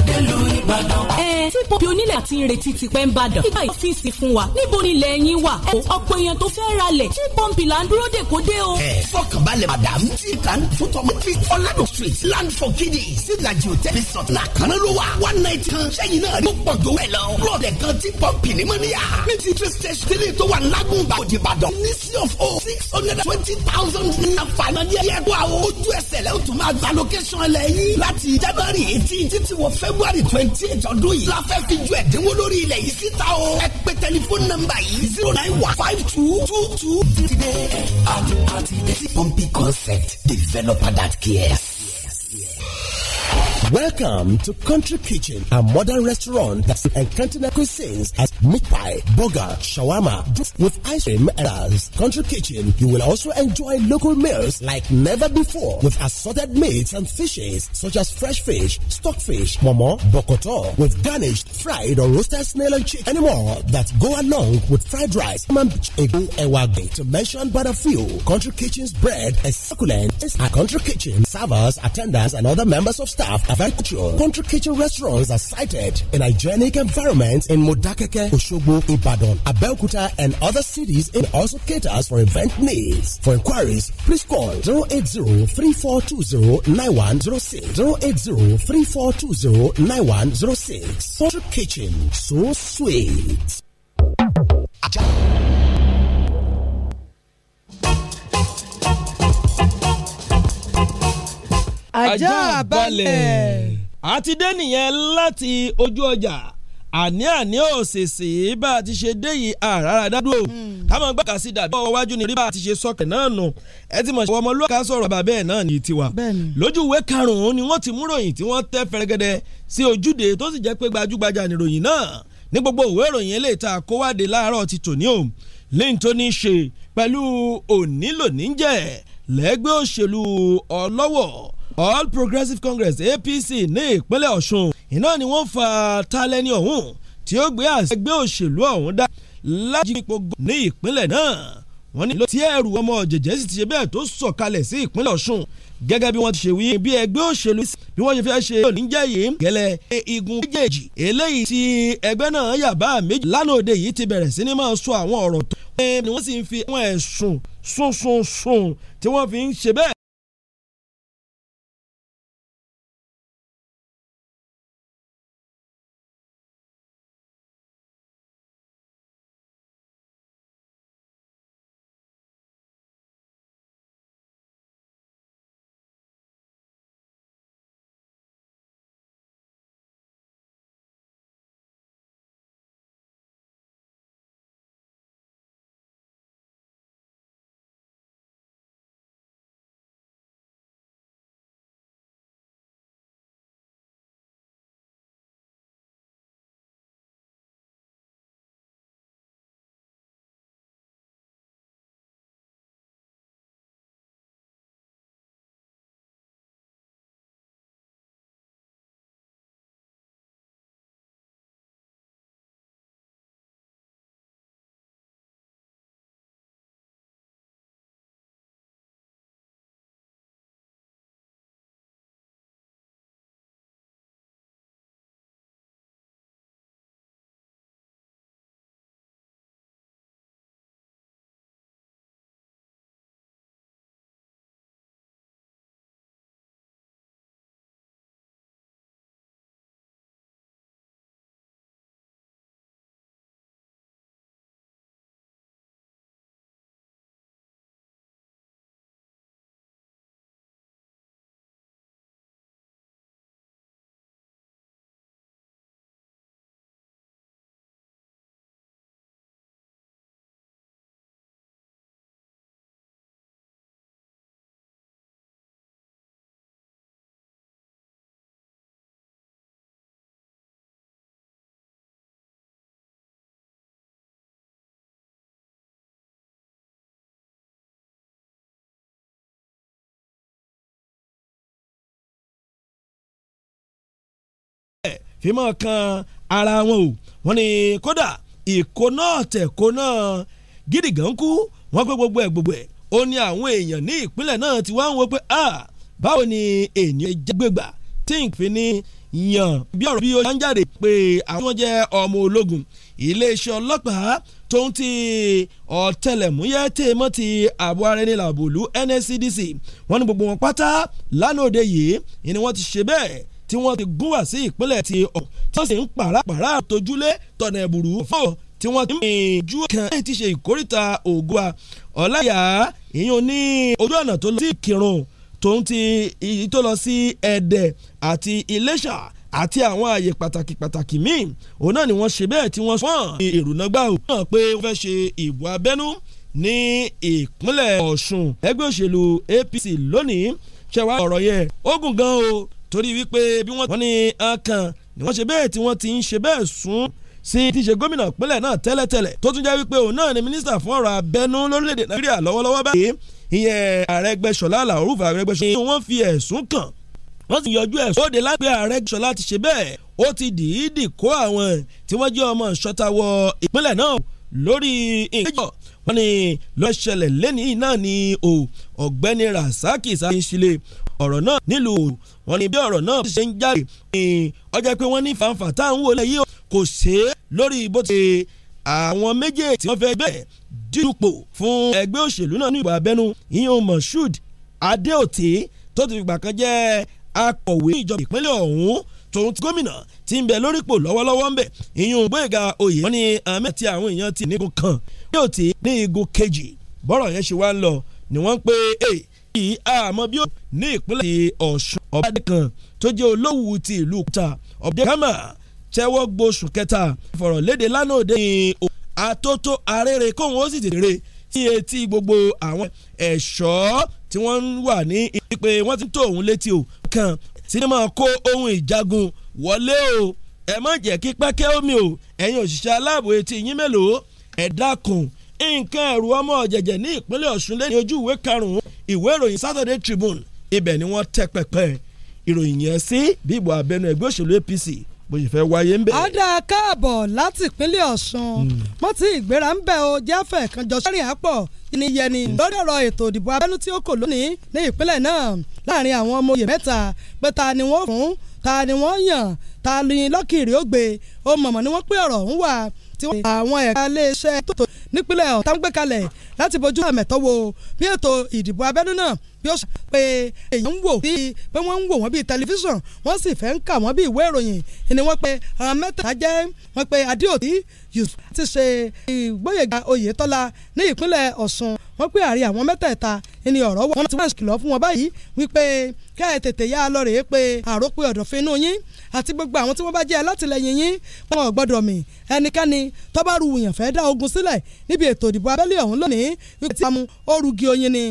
S3: délùú Ìbàdàn
S8: ẹ tí tóbi onílẹ̀ àti ìrètí ti pẹ́ ń bàdàn. ìgbà ìfíìsì fún wa níbo ni ilẹ̀ wa. wà.
S7: ẹ ọ̀pọ̀ èèyàn tó fẹ́ ra lẹ̀ tí pọ́ǹpì là ń dúró dè kó dé o. ẹ fọkànbalẹ̀ madam tí ìta ń fún tọmọ tí ọ̀làdùn street land for kiddies sílàjì hòtẹ́ẹ̀lì sọ̀tún àkànná ló wà one night kan sẹ́yìn náà ló pọ̀ jù wẹ̀ lọ. lọ́ọ̀dẹ̀ kan tí pọ́ǹpì ní mọ́níyà ní ti train station tẹ́lẹ̀ tó wà lágùnbà òdì ìbàdàn ní sí of o six hundred and twenty thousand naira fanadí ẹ̀yẹ kó àwọn ojú ẹsẹ̀ lẹ́yìn tó máa gba location ẹlẹ́yìn láti january eighteen títí wọ february twenty eight ọdún yìí la fẹ́ fi ju ẹ̀dínwó lórí ilẹ̀ yìí síta o. ẹ pe tẹlifóònù nọ́mbà yìí zero nine one five two two two. àti àti pọ́ǹpì concept developer that cares.
S6: Welcome to Country Kitchen, a modern restaurant that's encountering cuisines as meat pie, burger, shawarma, with ice cream and as Country Kitchen, you will also enjoy local meals like never before with assorted meats and fishes such as fresh fish, stockfish, momo, bokoto, with garnished, fried or roasted snail and chicken and more that go along with fried rice, ewagi, to mention but a few. Country Kitchen's bread is succulent. It's a Country Kitchen. Servers, attendants and other members of staff Aventure. Country kitchen restaurants are sited in hygienic environments in Modakeke, Oshogbo, Ibadan, Abeokuta, and other cities and also caters for event needs. For inquiries, please call 080 3420 9106. 080 3420 9106.
S9: Country Kitchen. So sweet.
S4: ajá àbálẹ̀. àti dé nìyẹn láti ojú ọjà àní àní òṣèṣì bá a ti ṣe dé yìí àràrà dádúró hmm. kámọ gbàgbà sí dàbí ọwọ́ iwájú ni rí bá a ti ṣe sọkẹ̀ náà nù ẹ ti mọ̀ ṣe ọmọ lóka sọ̀rọ̀ bàbá ẹ̀ náà ní tiwa lójú ìwé karùn-ún ni wọ́n ti mú ròyìn tí wọ́n tẹ́ fẹ́rẹ́gẹ́dẹ́ sí ojúde tó sì jẹ́ pé gbajúgbajà nìròyìn náà ní gbogbo ìwé ìròyìn eléyìí tá a kó wáde láàárọ̀ ti tòní o lẹ́yìn tó ní ṣe pẹ̀lú All Progressives Congress APC ní ìpínlẹ̀ Ọ̀ṣun iná ni wọ́n fa talẹ́ni ọ̀hún tí ó gbé àṣẹ ẹgbẹ́ òṣèlú ọ̀hún dá lájú ipò ní ìpínlẹ̀ náà wọ́n ní ló ti ẹrù ọmọ jẹ̀jẹ̀ sì ti ṣe bẹ́ẹ̀ tó sọ̀kalẹ̀ sí ìpínlẹ̀ Ọ̀ṣun gẹ́gẹ́ bí wọ́n ti ṣe wí bí ẹgbẹ́ òṣèlú bí wọ́n ṣe fẹ́ ṣe ló ní jẹ́ yìí gẹ́lẹ́ igun méjèèjì eléyìí tí ẹgbẹ́ náà yàbá méjì lánàá òde yìí ti bẹ̀rẹ̀ sí ni máa sọ àwọn ọ̀rọ̀ tó ní wọ́n sì ń fi àwọn ẹ̀sùn sunsunsun tí wọ́n fi ń ṣe bẹ́ẹ̀ fi mọ́ kan ara wọn o wọ́n ní kódà ìkó náà tẹ̀kó náà gidi gan kú wọ́n pé gbogbo ẹ̀ gbogbo ẹ̀ ó ní àwọn èèyàn ní ìpínlẹ̀ náà ti wá ń wo pé báwo ni ènìyàn jágbégbà tí n fi ní yàn bí ọ̀rọ̀ bí ó ń jáde pé àwọn jẹ́ ọmọ ológun iléeṣẹ́ ọlọ́pàá tó ń ti ọ̀tẹlẹ̀múyẹ́ tèèmọ́ ti ààbò ara ẹni làbòlú NSCDC wọ́n ní gbogbo wọn pátá lánàá òde yìí ni wọ́n ti ṣe bẹ́ẹ̀ tí wọ́n ti gún wá sí ìpínlẹ̀ ti ọ̀ tí wọ́n sì ń pàràpàrà tójúlé tọ̀nà ẹ̀bùrú fún ọ̀ tí wọ́n ti ń rìn ju kan láì ti ṣe ìkórìtà Ògùà ọ̀láyà ìyún ní ojú ọ̀nà tó lọ sí Ìkìrun tòun ti èyí tó lọ sí Ẹ̀dẹ̀ àti Iléṣà àti àwọn àyè pàtàkì pàtàkì míì òun náà ni wọ́n ṣe bẹ́ẹ̀ tí wọ́n sọ wọ́n ìrùnàgbà òun náà pé wọ́n fẹ́ ṣe ìbò abẹ́nú ní ìpínlẹ̀ Ọ̀ṣun ẹgbẹ́ òṣèlú APC lónìí ṣẹ̀wá ọ̀rọ̀ yẹn ó gùn gan o torí wípé bí wọ́n ní ọkàn ni wọ́n ṣe bẹ́ẹ̀ tí wọ́n ti ń ṣe bẹ́ẹ̀ sún sí ti ṣe gómìnà pínlẹ̀ náà tẹ́lẹ̀tẹ́lẹ̀ tó tún jẹ́ wípé òun náà ni mínísítà fún ọ̀rọ̀ abẹ́nú lórílẹ̀‐èdè nàìjíríà lọ́wọ́lọ́wọ́ báyìí ìyẹn àrẹ́gbẹ́ṣọlá làórúfà àrẹ́gbẹ́ṣọlá wọ́n fi ẹ̀sùn kàn wọ́n sì yọjú ẹ̀sùn òde lápẹ́ àrẹ́gbẹ́ṣọlá ti ṣe bẹ́ẹ̀ ó ti dìídì kó àwọn tí wọ́n jẹ́ ọmọ ìṣọ́ta wọ ìpínlẹ̀ náà lórí ìgbẹ́jọ́ wọ́n ní lọ́ọ́ ṣẹlẹ̀ náà ni ọ̀gbẹ́ni rasaki sáyẹ́ńsílẹ̀ ọ̀rọ̀ náà nílùú wọn ni bí ọ̀rọ̀ náà ṣe ń jáde ọjọ́ pé wọ́n ní fàǹfà táwọn wò lẹ́yìn kò ṣeé lórí bó ti àwọn méjèèjì tí wọ́n fẹ́ bẹ́ẹ̀ dídùpò fún ẹgbẹ́ òṣèlú náà ní ìbò abẹ́nú ìyẹn Moshood Adéòtí tó ti fìgbà kan jẹ́ akọ̀wé ìjọba ìpínlẹ̀ ọ̀hún tòun ti gómìnà ti ń bẹ lórípò lọ́wọ́lọ́wọ́ ń bẹ ìyún Gbóyèga Oyè wọn ni àmì àti àwọn èèyàn ti nígun kan Adéòtí ní igun kejì bọ́rọ̀ yẹn ṣe wá ń lọ ni wọ́n ń pè é yìí àmọ́ bí ó ní ìpínlẹ̀ Ọ̀ṣun ọ̀bàdé kan tó jẹ́ olówù ti ìlú kúta ọ̀bàdé kámà tẹ́wọ́ gbóṣù kẹta ìfọ̀rọ̀lédè lánàá òde ní àtótó arére kóhun ó sì tèrè sí etí gbogbo àwọn ẹ̀ṣọ́ tí wọ́n ń wà ní ìpè wọ́n ti tó òun létí o kan sinimá kó ohun ìjagun wọlé o ẹ má jẹ́ kí pẹ́kẹ́ omi o ẹ̀yin òṣìṣẹ́ aláàbò etí yín mélòó ẹ dákun nǹkan ẹ̀rù ọmọ ọ̀jẹ̀jẹ̀ ní ìpínlẹ̀ Ọ̀ṣun lẹ́ni ojú ìwé karùn-ún ìwé ìròyìn Saturday Tribune ibẹ̀ ni wọ́n tẹ́ pẹpẹ ìròyìn yẹn sí bí ìbò abẹ́nú ẹgbẹ́ òṣèlú APC bó ṣe fẹ́ wáyé
S5: ń bẹ̀. ọ̀dà káàbọ̀ láti ìpínlẹ̀ Ọ̀ṣun mọ́ hmm. tí ìgbéra ń bẹ̀ o jáfẹ́ kan jọ sẹ́rìn àpọ̀ ìníyẹni hmm. lórí ọ̀rọ̀ ètò ìdìbò abẹ́nú tí ó kò lónìí ní ìpínlẹ̀ náà láàrin àwọn ọmọ oyè mẹ́ta pé ta ni wọ́n fún ta ni wọ́n yàn ta ni lọ́kìrì ó gbé o mọ̀mọ́ ni wọ́n pé ọ̀rọ̀ ń wà tí wọ́n àwọn ẹ̀ka iléeṣẹ́ tó nípínlẹ̀ ọ̀tá ń gbé kalẹ̀ láti bójú wo. bí ètò ìdìbò abẹ́nú náà bí ó sọ pé èyí ń wò bíi pé wọ́n ń wò wọ́n bíi tẹlifíṣàn wọ́n sì fẹ́ ń kà wọ́n bíi ìwé ìròyìn ni wọ́n pe àwọn mẹ́tẹ̀ẹ̀ta jẹ́ wọ́n pe Adéòtí Yusuf ti ṣe ìgbóyèga Oyètọ́lá ní ìpínlẹ̀ Ọ̀ṣun wọ́n pé àárín àwọn mẹ́tẹ̀ẹ̀ta ni ọ̀rọ̀ wọn ti wá ìkìlọ̀ fún wọn báyìí wípé kẹ́ ẹ̀ tètè yá lọ rèé pé àròpé ọ̀dọ̀fin inú yín àti gbogbo àwọn tí wọ́n bá jẹ́ alátìlẹyìn yín wọn ò gbọ́dọ̀ mì ẹnikẹ́ni tó bá ru wùyàn fẹ́ dá ogun sílẹ̀ níbi ètò ìdìbò abẹ́lé ọ̀hún lónìí wípé tí a mú orugi oyin ni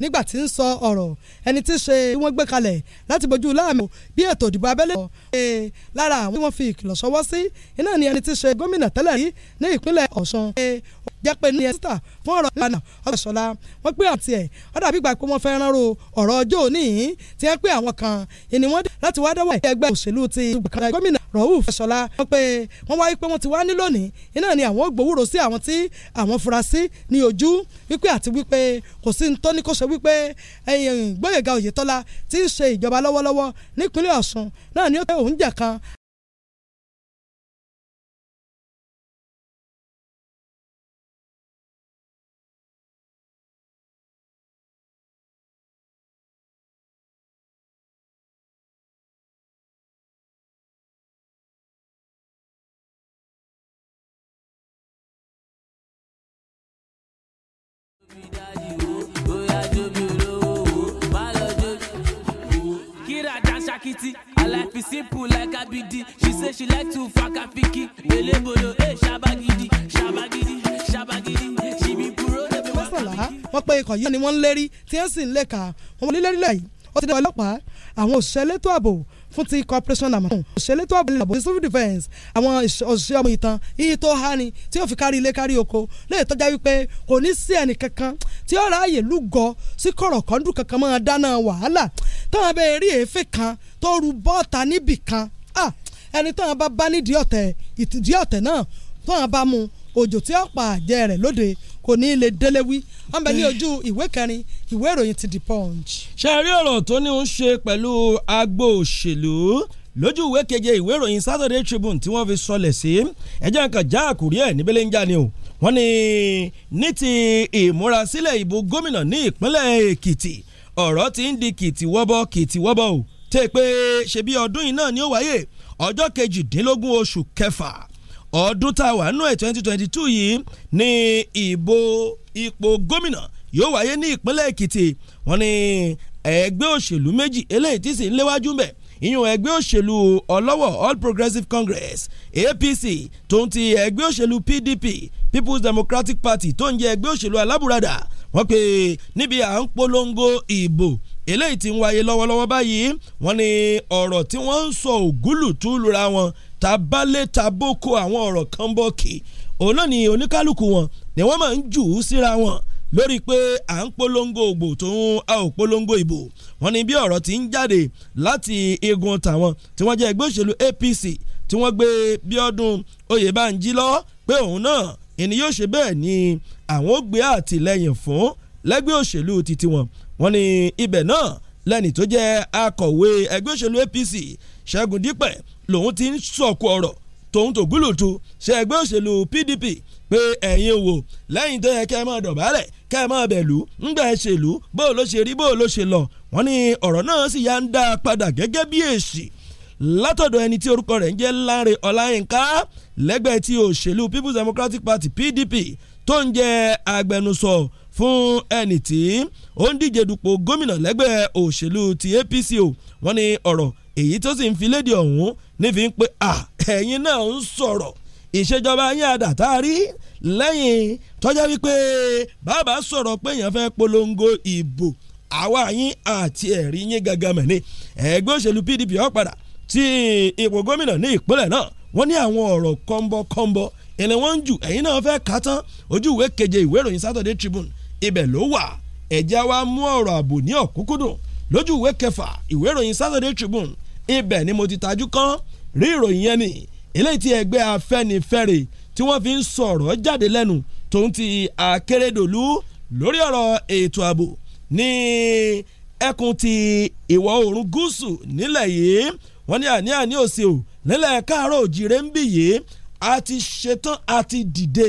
S5: nígbà tí ń sọ ọ̀rọ̀ ẹni tí ń ṣe wọ́n gbé kalẹ̀ láti bójú láàmì bí ètò ìdìbò abẹ́lé ọ̀hún ṣe lára àwọn tí wọ́n fi ìkìlọ̀ ṣọwọ́ sí iná ni ẹni tí ṣe gómìnà tẹ́lẹ̀ rí ní ìpínlẹ̀ Ọ̀ṣun jẹ́ pé ní ẹ́sítà fún ọ̀rọ̀ ìlànà ọ̀ṣọ́lá wọ́n pé àti ẹ̀ ọ́ dàbí ìgbà pé wọ́n fẹ́ ránró ọ̀rọ̀ ọjọ́ òní yìí tí ẹ pé àwọn kan ìní wọ́n dé láti wá dẹ́wọ̀ ẹgbẹ́ òṣèlú ti gómìnà Rauf ọ̀ṣọ́lá wọ́n pé wọ́n wáyé pé wọ́n ti wá ní lónìí iná ni àwọn gbòwúrò sí àwọn tí àwọn fura sí ní ojú wípé àti wípé kò sí tó ní kó ṣe wípé Gbóyèga Oyètọ́lá tí ń ṣe ìjọba lọ́wọ́lọ́wọ́ nípínlẹ̀ Ọ̀ṣun náà ni ó tẹ òun jẹ̀ kan
S8: titi. Her life is simple like abidi. She say she like
S6: to fuck a fiki. bolo eh, shabagidi, shabagidi, shabagidi. She
S5: be puro, they be mọ́kànlá wọ́n pé ikọ̀ yìí ni wọ́n ń lérí tí wọ́n sì ń lè kà wọ́n lérí lẹ́yìn ó ti dé ọlọ́pàá àwọn òṣìṣẹ́ elétò ààbò fún ti corporation àmọ́ òṣèlè tó àbẹ̀lẹ̀ àbò civil defence àwọn òṣìṣẹ́ ọmọ ìtàn iye tó há ni tí yóò fi kárí ilé kárí oko lè tọ́já wípé kò ní sí ẹnì kankan tí yóò ráàyè lúgọ sí kọ̀rọ̀ kọ́ńdù kankan máa dáná wàhálà táwọn abẹ́ rí èéfé kan tó rú bọ́ọ̀ta níbì kan ẹni táwọn bá bá nídìí ọ̀tẹ̀ ìdí ọ̀tẹ̀ náà táwọn bá mú òjò tí ó pa àjẹ rẹ̀ lóde kò ní í lè délé wí wọ́n bẹ ní eh. ojú ìwé kẹrin ìwé ìròyìn ti the punch.
S4: ṣe rí ọ̀rọ̀ tó ní ń ṣe pẹ̀lú agbo òṣèlú lójú ìwé keje ìwé ìròyìn Saturday Tribune tí wọ́n fi sọlẹ̀ sí ẹjẹ́ nǹkan já àkùrí ẹ̀ níbẹ̀lẹ̀ ń já ni o wọ́n ní ní ti ìmúrasílẹ̀ ìbò gómìnà ní ìpínlẹ̀ Èkìtì ọ̀rọ̀ ti ń di kìtì wọ́bọ̀ kìtì wọ́bọ̀ o tẹ́ pé ṣebí ọdún yìí náà ni ó wáyé ọjọ́ kejìdínlógún oṣù kẹfà ọdún tá a wà nù ẹ̀ twenty twenty two yìí ní ìbò ipò gómìnà yóò wáyé ní ìpínlẹ̀ Èkìtì wọ́n ní ẹgbẹ́ òṣèlú méjì eléyìí tí sì ń léwájú mbẹ̀ ìyún ẹgbẹ́ òṣèlú ọlọ́wọ̀ All Progressives Congress APC tó ń ti ẹgbẹ́ òṣèlú PDP People's Democratic Party tó ń jẹ ẹgbẹ́ òṣèlú alábùradà wọ́n pé níbi à ń polongo ìbò eléyìí tí ń wáyé lọ́wọ́lọ́wọ́ báyìí wọ́n ní ọ̀rọ̀ tí wọ́n ń sọ ògúlù túlùra wọn tabalẹ̀ taboko àwọn ọ̀rọ̀ kan bọ́ kì òun náà ni oníkálukú wọn ni wọ́n máa ń jù ú síra wọn lórí pé à ń polongo ògbò tó ń a ò polongo ìbò wọn ni bí ọ̀rọ̀ ti ń jáde láti igun tàwọn tí wọ́n jẹ́ ẹgbẹ́ òṣèlú APC tí wọ́n gbé Bíọ́dún Oyèbánjí lọ pé òun náà ẹni yóò ṣe bẹ́ẹ̀ ni àwọn ó gbé àtìlẹ́yìn fún lẹ́gbẹ́ òṣèlú títí wọn wọn ni ibẹ̀ náà lẹ́ni tó jẹ́ akọ̀wé ẹgbẹ́ òṣèlú APC ṣẹ́gun dípẹ́ lòun ti ń sọ̀kù ọ̀rọ̀ tòun tó gúlùtù ṣẹ́gbẹ́ òṣèlú PDP pé ẹ̀yin wò lẹ́yìn tó yẹ kẹ́ ẹ máa dọ̀bálẹ̀ kẹ́ ẹ máa bẹ̀lú ńgbà ìṣèlú bó ló ṣe rí bó ló ṣe lọ wọ́n ní ọ̀rọ̀ náà sì yá ń dá a padà gẹ́gẹ́ bí èsì látọ̀dọ̀ ẹni tí orúkọ rẹ̀ ń jẹ́ Lanre Ọláyínká lẹ́gbẹ́ ti òṣèlú People's Democratic Party PDP tó ń jẹ́ agbẹnusọ fún ẹni tí ó ń díje dupò gómìnà lẹ́gbẹ́ òṣèlú ti APC o wọ́n ní ọ̀rọ̀ èyí tó sì ń fi léde ọ̀hún nífi ń pe à ẹ̀yin náà ń sọ̀rọ̀ ìṣèjọba yín àdàtà rí lẹ́yìn tọ́já wípé bàbá sọ̀rọ̀ pé èèyàn fẹ́ polongo ìbò àwa yín àti ẹ̀rí yín gangan mẹ́ni ẹgbẹ́ òṣèlú PDP ọ̀padà tí ipò gómìnà ní ìpínlẹ̀ náà wọ́n ní àwọn ọ̀rọ̀ kọ́ńbọ́kọ́ńbọ́ ẹni wọ́n ń jù ẹ̀yin náà fẹ́ kà tán ojú keje ìwé ìròyìn Saturday Tribune ibẹ̀ ló wà ẹ̀já wa mú ọ̀rọ̀ ààbò ní ọ̀kúnkúndùn lójú ìwé kẹfà ìwé ìròyìn Saturday Tribune ibẹ̀ ni mo ti tajú kán rí ìròyìn yẹn ni eléyìí tí ẹgbẹ́ afẹ́nifẹ́re tí wọ́n fi ń sọ̀rọ̀ jáde lẹ́nu tòun ti akérèdọ́lù lórí ọ̀rọ̀ ètò ààbò ní ẹkùn ti ìwọ̀ oòrùn gúúsù nílẹ̀ yìí wọ́n ní àní àní òsì o nílẹ̀ káàárọ̀ òjìrè ń bì yìí a ti ṣetán a ti dìde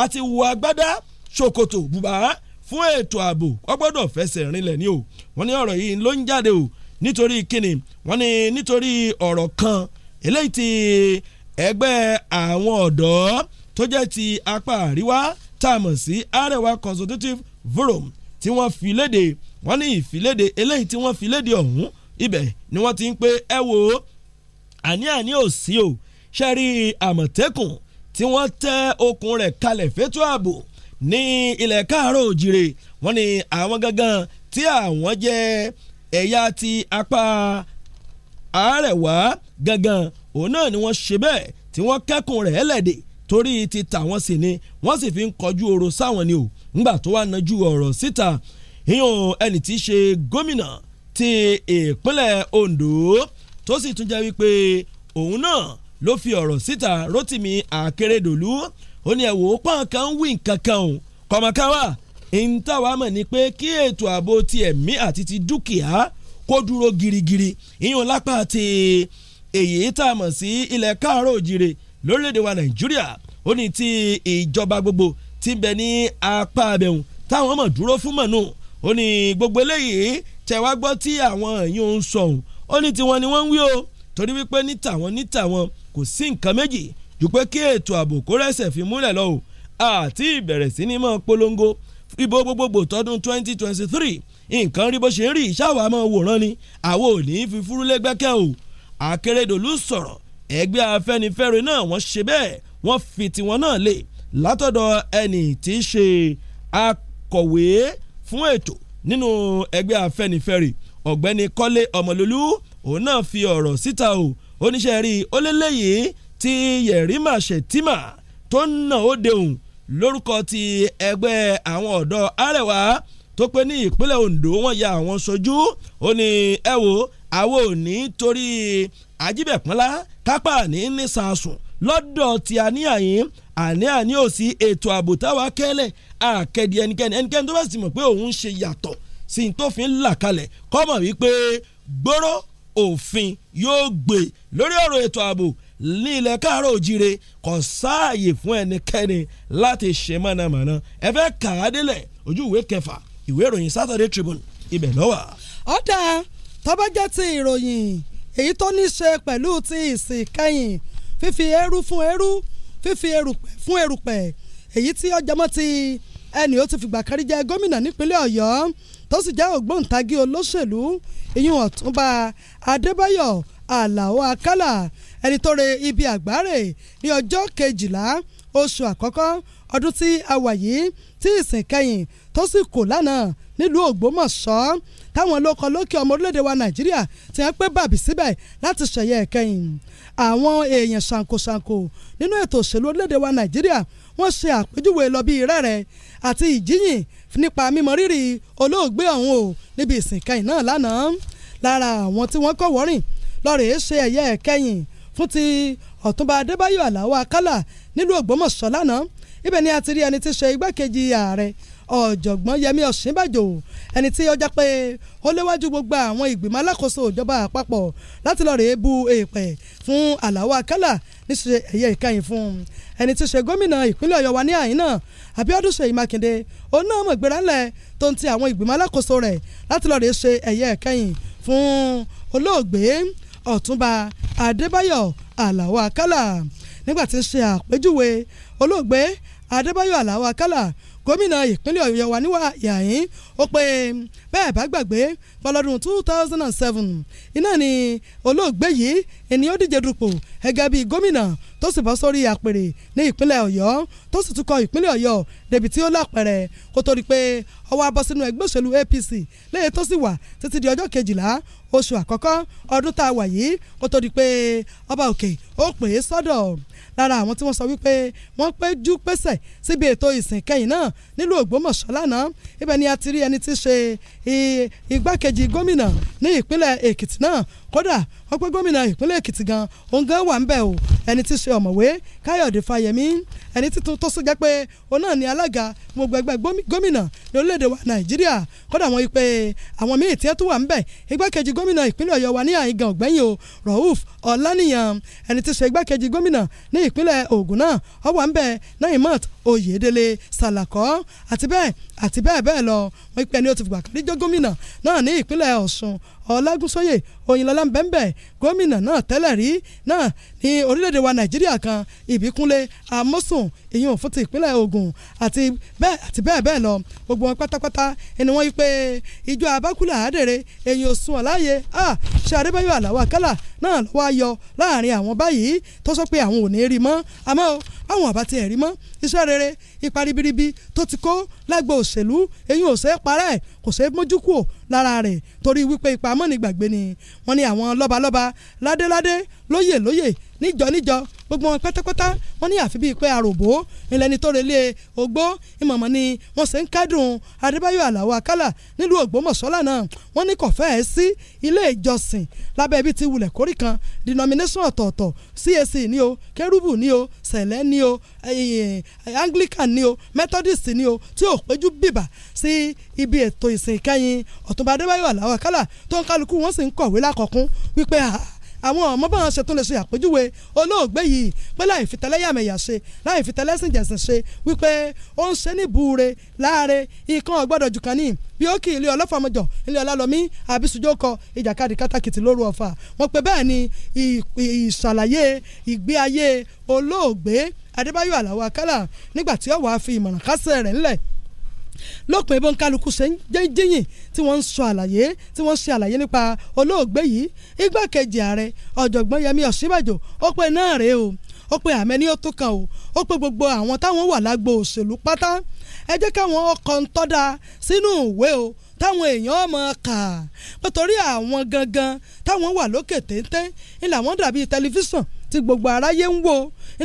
S4: a ti wọ agbádá ṣòkòtò bùbá fún ètò ààbò wọ́n fẹsẹ̀ rinlẹ̀ ni o wọ́n ní ọ̀rọ̀ yìí ló ń jáde o nítorí kíni wọ́n ní nítorí ọ̀rọ̀ kan eléyìí ti ẹgbẹ́ àwọn ọ̀dọ́ tó jẹ́ ti apá àríwá tá a mọ̀ sí Arewa Consultative Forum tí wọ́n fi léde wọ́n ní ìfiléde eléyìí tí wọ́n fi léde ọ̀hún ibẹ̀ ni wọ́n ti ń pé ẹ wo àní àní ò sí o ṣe rí àmọ̀tẹ́kùn tí wọ́n tẹ okùn rẹ̀ kalẹ̀ fétò ààbò ní ilẹ̀ káàárọ̀ òjìrè wọ́n ní àwọn gangan tí àwọn jẹ́ ẹ̀yà ti apá àárẹ̀wá gangan òun náà ni wọ́n ṣe bẹ́ẹ̀ tí wọ́n kẹ́kùn rẹ̀ ẹlẹ́dẹ̀ torí ti tà wọ́n sí ni wọ́n sì fi ń kọjú oro sáwọn ni o ńgbà tó wá nájú ọ̀rọ̀ síta ìyẹn ẹni tí í ṣe gómìnà ti ìpínlẹ̀ Ondo tó sì tún jẹ́ wípé òun náà ló fi ọ̀rọ̀ síta Rotimi Akeredolu ó ní ẹ̀wò pọ́n kan ń wí nǹkan kan o kọ̀mọ̀kan wà ìntàwá mọ̀ ni pé kí ètò ààbò ti ẹ̀mí àti ti dúkìá kó dúró girigiri ìyún lápá ti èyí tá a mọ̀ sí ilẹ̀ káàárọ̀ òjìrè lórílẹ̀‐èdè wa nàìjíríà ó ní ti ìjọba gbogbo ti bẹ ní apá abẹ́hùn táwọn mọ̀ dúró fún mọ̀nù ó ní gbogbo eléyìí tẹ̀wá gbọ́ tí àwọn èèyàn ń sọ̀hún ó ní tiwọn ni wọ́n ń wí o torí wípé ní tàwọn ní tàwọn kò sí nǹkan méjì ju pé kí ètò ààbò kó rẹsẹ̀ fi múlẹ̀ lọ àti ìbẹ̀rẹ̀ sí ni mọ́ polongo Ibo gbogbogbò tọdún 2023 nǹkan rí bó ṣe rí ìṣàwọ̀ àmọ́ wòran ni àwọn ò ní fi fúrúlé gbẹ́kẹ̀ o Akérédolú sọ̀rọ̀ ẹgbẹ́ Afẹ́nifẹ́re náà wọ́n ṣe bẹ́ẹ̀ wọ́n fi tiwọn náà lè látọ̀dọ̀ ẹni tí í ṣe akọ̀wé fún ètò nínú ẹgbẹ́ Afẹ́nifẹ́re ọ̀gbẹ́ni Kọ́lé Ọmọlúlú òun náà fi ọ̀rọ̀ síta o oníṣẹ́ rí ó lélẹ́yìí tí Yẹ̀rí Màṣẹ̀tìmà tó ń nà ó deun lórúkọ ti ẹgbẹ́ àwọn ọ̀dọ́ Arewa tó pé ní ìpínlẹ̀ Ondo wọ́n ya àwọn sojú ó ní ẹ wo àwọn ò ní torí ajíbẹ̀pọ́nlá kápá ní nísàsùn lọ́dọ̀ tí a ní àyín àní àní ò sí ètò ààbò táwa kẹ́lẹ̀ àkẹ́dì ẹnikẹ́ni ẹnikẹ́ni tó bá sì mọ̀ pé òun ń ṣe yàtọ̀ sí ní tó fi ń là kalẹ̀ kọ́mọ̀ wípé gbóró òfin yóò gbé lórí ọ̀rọ̀ ètò ààbò lílẹ̀ káàárọ̀ òjire kò sáàyè fún ẹnikẹ́ni láti ṣe mọ̀nàmọ́ná ẹ fẹ́ kà
S5: á délẹ̀ ojú ìwé kẹfà ìwé ìròyìn Saturday Tribune ibẹ̀ ló wà. ọ̀dà tọ́bọ̀ jẹ́ ti ìròyìn èyí tó ní ṣe pẹ̀lú ti ìsìn kẹ́yìn fífi eérú fún eérú fífi erùpẹ̀ fún erùpẹ̀ èyí tí ọjọ́mọ́ ti ẹnì ó ti fìgbà kárí jẹ́ gómìnà nípínlẹ̀ Ọ̀yọ́ tó sì jẹ́ ògbóǹtagì olóṣèlú ìyún Ọ̀túnba Adébáyọ̀ Àlàó Akálà ẹni tó re ibi àgbáre ní ọjọ́ kejìlá oṣù àkọ́kọ́ ọdún tí a wà yìí tí ìsìn kẹyìn tó sì kò lánàá nílùú Ògbómọ̀ṣọ́ táwọn olóko lókè ọmọ orílẹ̀-èdè wa Nàìjíríà ti hàn pé bàbí síbẹ̀ láti ṣẹ̀yẹ ẹ̀kẹyìn àwọn èèyàn ṣàǹkóṣàǹkó nínú ètò òṣèlú orílẹ̀-èdè wa Nàìjíríà wọ́n ṣe àpèjúwe lọ bí rẹ́rẹ́ àti ìjíyìn nípa mímọ rírì olóògbé ọ̀hún o níbi ìsìn kẹyìn náà lánàá lára àwọn tí wọ́n kọ́ wọ́rìn lọ́ọ̀rẹ́ ṣe ẹ̀yẹ ẹ̀kẹyìn fún ti ọ̀túnba adébáyọ̀ aláwọ̀ akálà nílùú ògbómọ̀ṣọ́ lánàá ibẹ̀ ni a ti rí ẹni tí ṣe igbákejì ààrẹ ọ̀jọ̀gbọ́n yẹmí ọ̀ṣínbàjò ẹni tí ó já pé ó léwájú gbogbo àwọn ìgbìmọ̀ alákòóso ìjọba àpapọ̀ láti lọ́ọ́ rèé bu èèpẹ̀ fún aláwọ̀ akálà níṣẹ́ ẹ̀yẹ ìkẹyìn fún ẹni tí ṣe gómìnà ìpínlẹ̀ ọ̀yọ́ wa ní àyín náà abíọ́dún ṣèyí mákindé òun náà mọ̀ gbéra ńlẹ̀ tó ń ti àwọn ìgbìmọ̀ alákòóso rẹ̀ láti lọ́ọ́ rèé ṣe ẹ̀yẹ ìkẹyìn fún olóògbé ọ̀túnba adébáyọ̀ àlàó àkàlà nígbà tí ń ṣe àpèjúwe olóògbé adébáyọ̀ àlàó àkàlà gómìnà ìpínlẹ̀ ọ̀yọ́ wa níwà yàyín ó pé bẹ́ẹ̀ bá gbàgbé pọlọ́dún two thousand and seven iná ni olóògbé yìí ẹni ó díje dupò gẹ́gẹ́ bíi gómìnà tó sì bọ́ sórí àpèrè ní ìpínlẹ̀ ọ̀yọ́ tó sì tún kọ ìpínlẹ̀ ọ̀yọ́ débi tí ó lápẹ̀rẹ̀ kó tó di pé ó wá bọ́ sínú ẹgbẹ́ òṣèlú apc lẹ́yìn tó sì wà títí di ọjọ́ kejìlá oṣù àkọ́kọ́ ọdún tá a wà yìí kó tó pé ọba òkè ó pè é sọ́dọ̀ lára àwọn tí wọ́n sọ wípé wọ́n péjú pésẹ̀ síbi ètò ìsìn kẹyìn náà nílùú Ògbómọ̀ṣọ́ lánàá ibẹ̀ ni a ti rí ẹni tí í ṣe igbákejì gómìnà ní ìpínlẹ̀ Èkìtì náà kódà ọpẹ́ gómìnà ìpínlẹ̀ Èkìtì gan òun gan wà ń bẹ̀ o ẹni tí í ṣe ọ̀mọ̀wé Káyọ̀dé Fáyẹmí ẹni títún tó sọ jẹ́ pé òun náà ni alága gbogbo ẹgbẹ́ gómìnà ní orílẹ̀-èdè wa Nàìjíríà kódà wọ́n pe àwọn míì tí ẹ tún wà ń bẹ̀ igbákejì gómìnà ìpínlẹ̀ Ọ̀yọ́ wa ní àyíngàn ọ̀gbẹ́yìn o Rauf Ọláníyàn ẹni tí í ṣe igbákejì gómìnà ní ìpínlẹ̀ Ògùn náà ó wà ń bẹ̀ Naimat oyèdélé sàlàkọ́ àti bẹ́ẹ̀ àti bẹ́ẹ̀ bẹ́ẹ̀ lọ wọ́n pẹ́ ni ó ti fìgbà kan níjó gómìnà náà ní ìpínlẹ̀ ọ̀ṣun ọlágúnsóyè òyìnlọ́lá bẹ́ńbẹ́ gómìnà náà tẹ́lẹ̀ rí náà ní orílẹ̀-èdè wa nàìjíríà kan ìbíkúnlé amósùn ìyún fún ti ìpínlẹ̀ ògùn àti bẹ́ẹ̀ àti bẹ́ẹ̀ bẹ́ẹ̀ lọ gbogbo wọn pátápátá ẹni wọ́n yí pé ìjọ abákúlẹ̀ àádèrè èyí ò sun ọ̀láyè à ṣe adébáyọ̀ àlàwà kálà náà lọ́wọ́ ayọ̀ láàrin àwọn báyìí tó sọ pé àwọn ò ní rí mọ́ àmọ́ àwọn àbá tiẹ̀ rí mọ́ iṣẹ́ r rere ipa ribiribi tó ti kó lágbo òṣèlú eyín ò ṣeé parẹ́ kò ṣeé mójú kúò lára rẹ̀ torí wípé ipa amọ́nigbàgbé ni wọ́n ní àwọn lọ́balọ́ba ládéládé lóyè lóyè níjọ níjọ gbogbo wọn pátápátá wọn ní àfi bíi pé àròbó ìlẹni tó relé ogbó ìmọ̀mọ́ ni wọ́n sì ń kẹ́dùn adébáyọ̀ àlàó àkàlà nílùú ògbómọ̀ṣọ́ lánàá wọ́n ní kò fẹ́ẹ́ sí ilé ìjọsìn lábẹ́ ibi tí wulẹ̀ kórì kan denomination ọ̀tọ̀ọ̀tọ̀ CAC ni o kérúbù ni o sẹ̀lẹ̀ ni o eh, anglican ni o methodist ni o tí ò péjú bìbà sí ibi ètò ìsìn ìkẹyìn ọ̀túnba adébáyọ̀ àlàó àkàlà tó ń kálukú wọn sì ń kọ̀wé lákọ̀ọ́kún wípé àwọn ọmọ bá wọn ṣe tún lè ṣe àpèjúwe olóògbé yìí pé láì fi tẹlẹ́yàmẹ̀yà ṣe láì fi tẹlẹ́sìn jẹ̀sìn ṣe wípé ó ń ṣe ní ìbúure láàre ikán ọgbọ́dọ̀ jù kan ní bí ó kì í ilé ọlọ́fàmọjọ ilé ọlálọ́mí àbísújó kọ ìjàkadì kátàkìtì lóru ọ̀fà wọn pé bẹ́ẹ̀ ni ìṣàlàyé ìgbé ayé olóògbé Adébáyọ̀ Àlàó Àkàlà nígbà tí ó wàá fi ìmọ̀ràn kásẹ̀ rẹ̀ ńlẹ̀ lópin ìbọn kálukú ṣe ń jíyìn tí wọ́n ń sọ àlàyé tí wọ́n ń ṣe àlàyé nípa olóògbé yìí igbákejì ààrẹ ọ̀jọ̀gbọ́n Yẹmí Ọ̀ṣínbàjò ó pé náà rèé o ó pé àmẹ́ ní ó tó kan o ó pé gbogbo àwọn táwọn wà lágbo òṣèlú pátá ẹ jẹ́ káwọn ọkọ̀ ń tọ́da sínú ìwé o táwọn èèyàn ọmọ kà pẹ̀tọ́rí àwọn gangan táwọn wà lókè téńté ńlá wọn dàbí tẹlifíṣàn tí gbogbo aráyé ń wò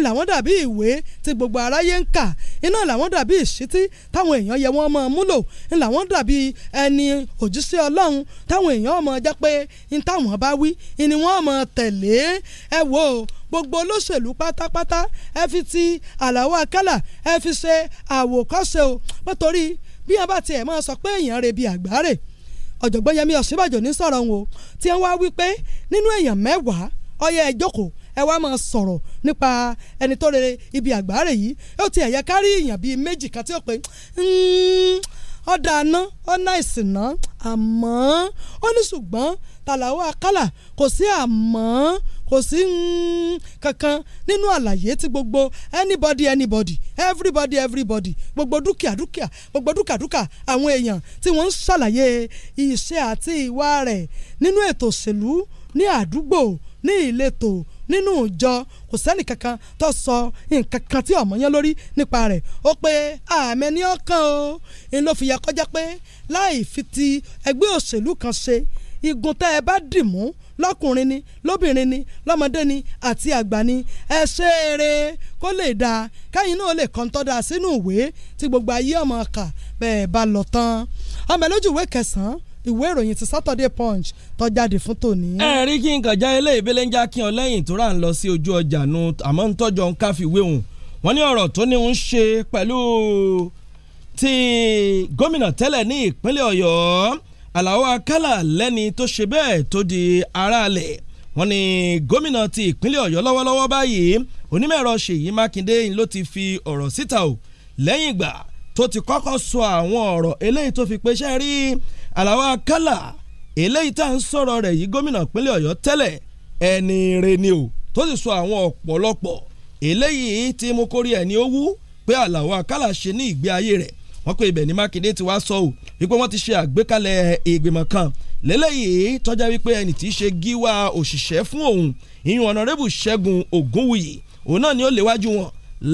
S5: làwọn dàbí ìwé tí gbogbo aráyé ń kà iná làwọn dàbí ìṣítí táwọn èèyàn yẹ wọ́n máa múlò làwọn dàbí ẹni òjíṣẹ́ ọlọ́run táwọn èèyàn máa jẹ́ pé ní táwọn bá wí ni wọ́n máa tẹ̀lé ẹ wò ó gbogbo olóṣèlú pátápátá ẹ fi ti àlàó akálà ẹ fi ṣe àwòkọ́ṣe o nítorí bí wọ́n bá tiẹ̀ máa sọ pé èèyàn rèébi àgbáre ọ̀jọ̀gbọ́n Yẹmí Ọ̀ṣínbàjò ní sọ̀rọ̀ wọn o tí wọ́n wá wí pé nínú èèyàn mẹ́wàá ọyẹ ẹ ẹ wá máa sọ̀rọ̀ nípa ẹni tó rere ibi àgbáre yìí ó ti ẹ̀yẹ kárí èèyàn bíi méjì kan tí ó pé ọ̀dà àná ọ̀nà ìsìnà àmọ́ ó ní ṣùgbọ́n tàlàó àkàlà kò sí àmọ́ kò sí hmm, kankan nínú àlàyé tí gbogbo anybody anybody everybody everybody gbogbo dúkìá dúkìá gbogbo dúkìá dúkìá àwọn èèyàn tí wọ́n ń ṣàlàyé iṣẹ́ àti ìwà rẹ̀ nínú ètò òṣèlú ní àdúgbò ní ìletò nínú ìjọ kò sẹ́ni kankan tó sọ nǹkan kan tí ọmọ yẹn lórí nípa rẹ̀ ó pé àmẹ́ ní ọkàn o ń ló fi yẹ kọjá pé láì fi ti ẹgbẹ́ òṣèlú kan ṣe igun tẹ́ ẹ bá dì mú lọ́kùnrin ni lóbìnrin ni lọ́mọdé ni àti àgbà ni ẹ ṣe eré kó lè dáa káyìn náà lè kọ́ńtọ́ dáa sínú ìwé tí gbogbo ayé ọmọ kà bẹ́ẹ̀ bá lọ tán ọmọ ẹ lójú ìwé kẹsàn-án ìwé ìròyìn ti Saturday Punch tó jáde fún tòní.
S4: ẹ rí kí n kàn já ilé ìbílẹ̀ ń já kí ọ lẹ́yìn tó rà ń lọ sí ojú ọjà nu àmọ́ ń tọ́jọ́ ń káfíwé òun wọ́n ní ọ̀rọ̀ tó ní ń ṣe pẹ̀lú ti gómìnà tẹ́lẹ̀ ní ìpínlẹ̀ Ọ̀yọ́ Àlàó Akálà lẹ́ni tó ṣe bẹ́ẹ̀ tó di aráàlẹ̀ wọ́n ní gómìnà ti ìpínlẹ̀ Ọ̀yọ́ lọ́wọ́lọ́wọ́ báyìí onímọ̀ ẹ̀rọ Ṣèyí Mákindé ló ti fi ọ̀rọ̀ síta o lẹ́yìn ìgbà tó ti kọ́kọ́ sọ àwọn ọ̀rọ̀ eléyìí tó fi peṣẹ́ rí àlàwà kálà eléyìí tá à ń sọ̀rọ̀ rẹ̀ yìí gómìnà ìpínlẹ̀ ọ̀yọ́ tẹ́lẹ̀ ẹni rẹ ni o tó sì sọ àwọn ọ̀pọ̀lọpọ̀ eléyìí tí mo kórè ẹ̀ ní owó pé àlàwà kálà ṣe ní ìgbé ayé rẹ̀ wọ́n pé ibẹ̀ ní mákindé ti wá sọ o wípé wọ́n ti ṣe àgbékalẹ̀ ìgbìmọ̀ kan lélẹ́yìí tọ́já wípé ẹni tí í ṣe gíwá òṣìṣẹ́ fún òun ìyún ọ̀nàrẹ́bù ṣẹ́gun ògúnwùyí òun náà ni ó léwájú wọn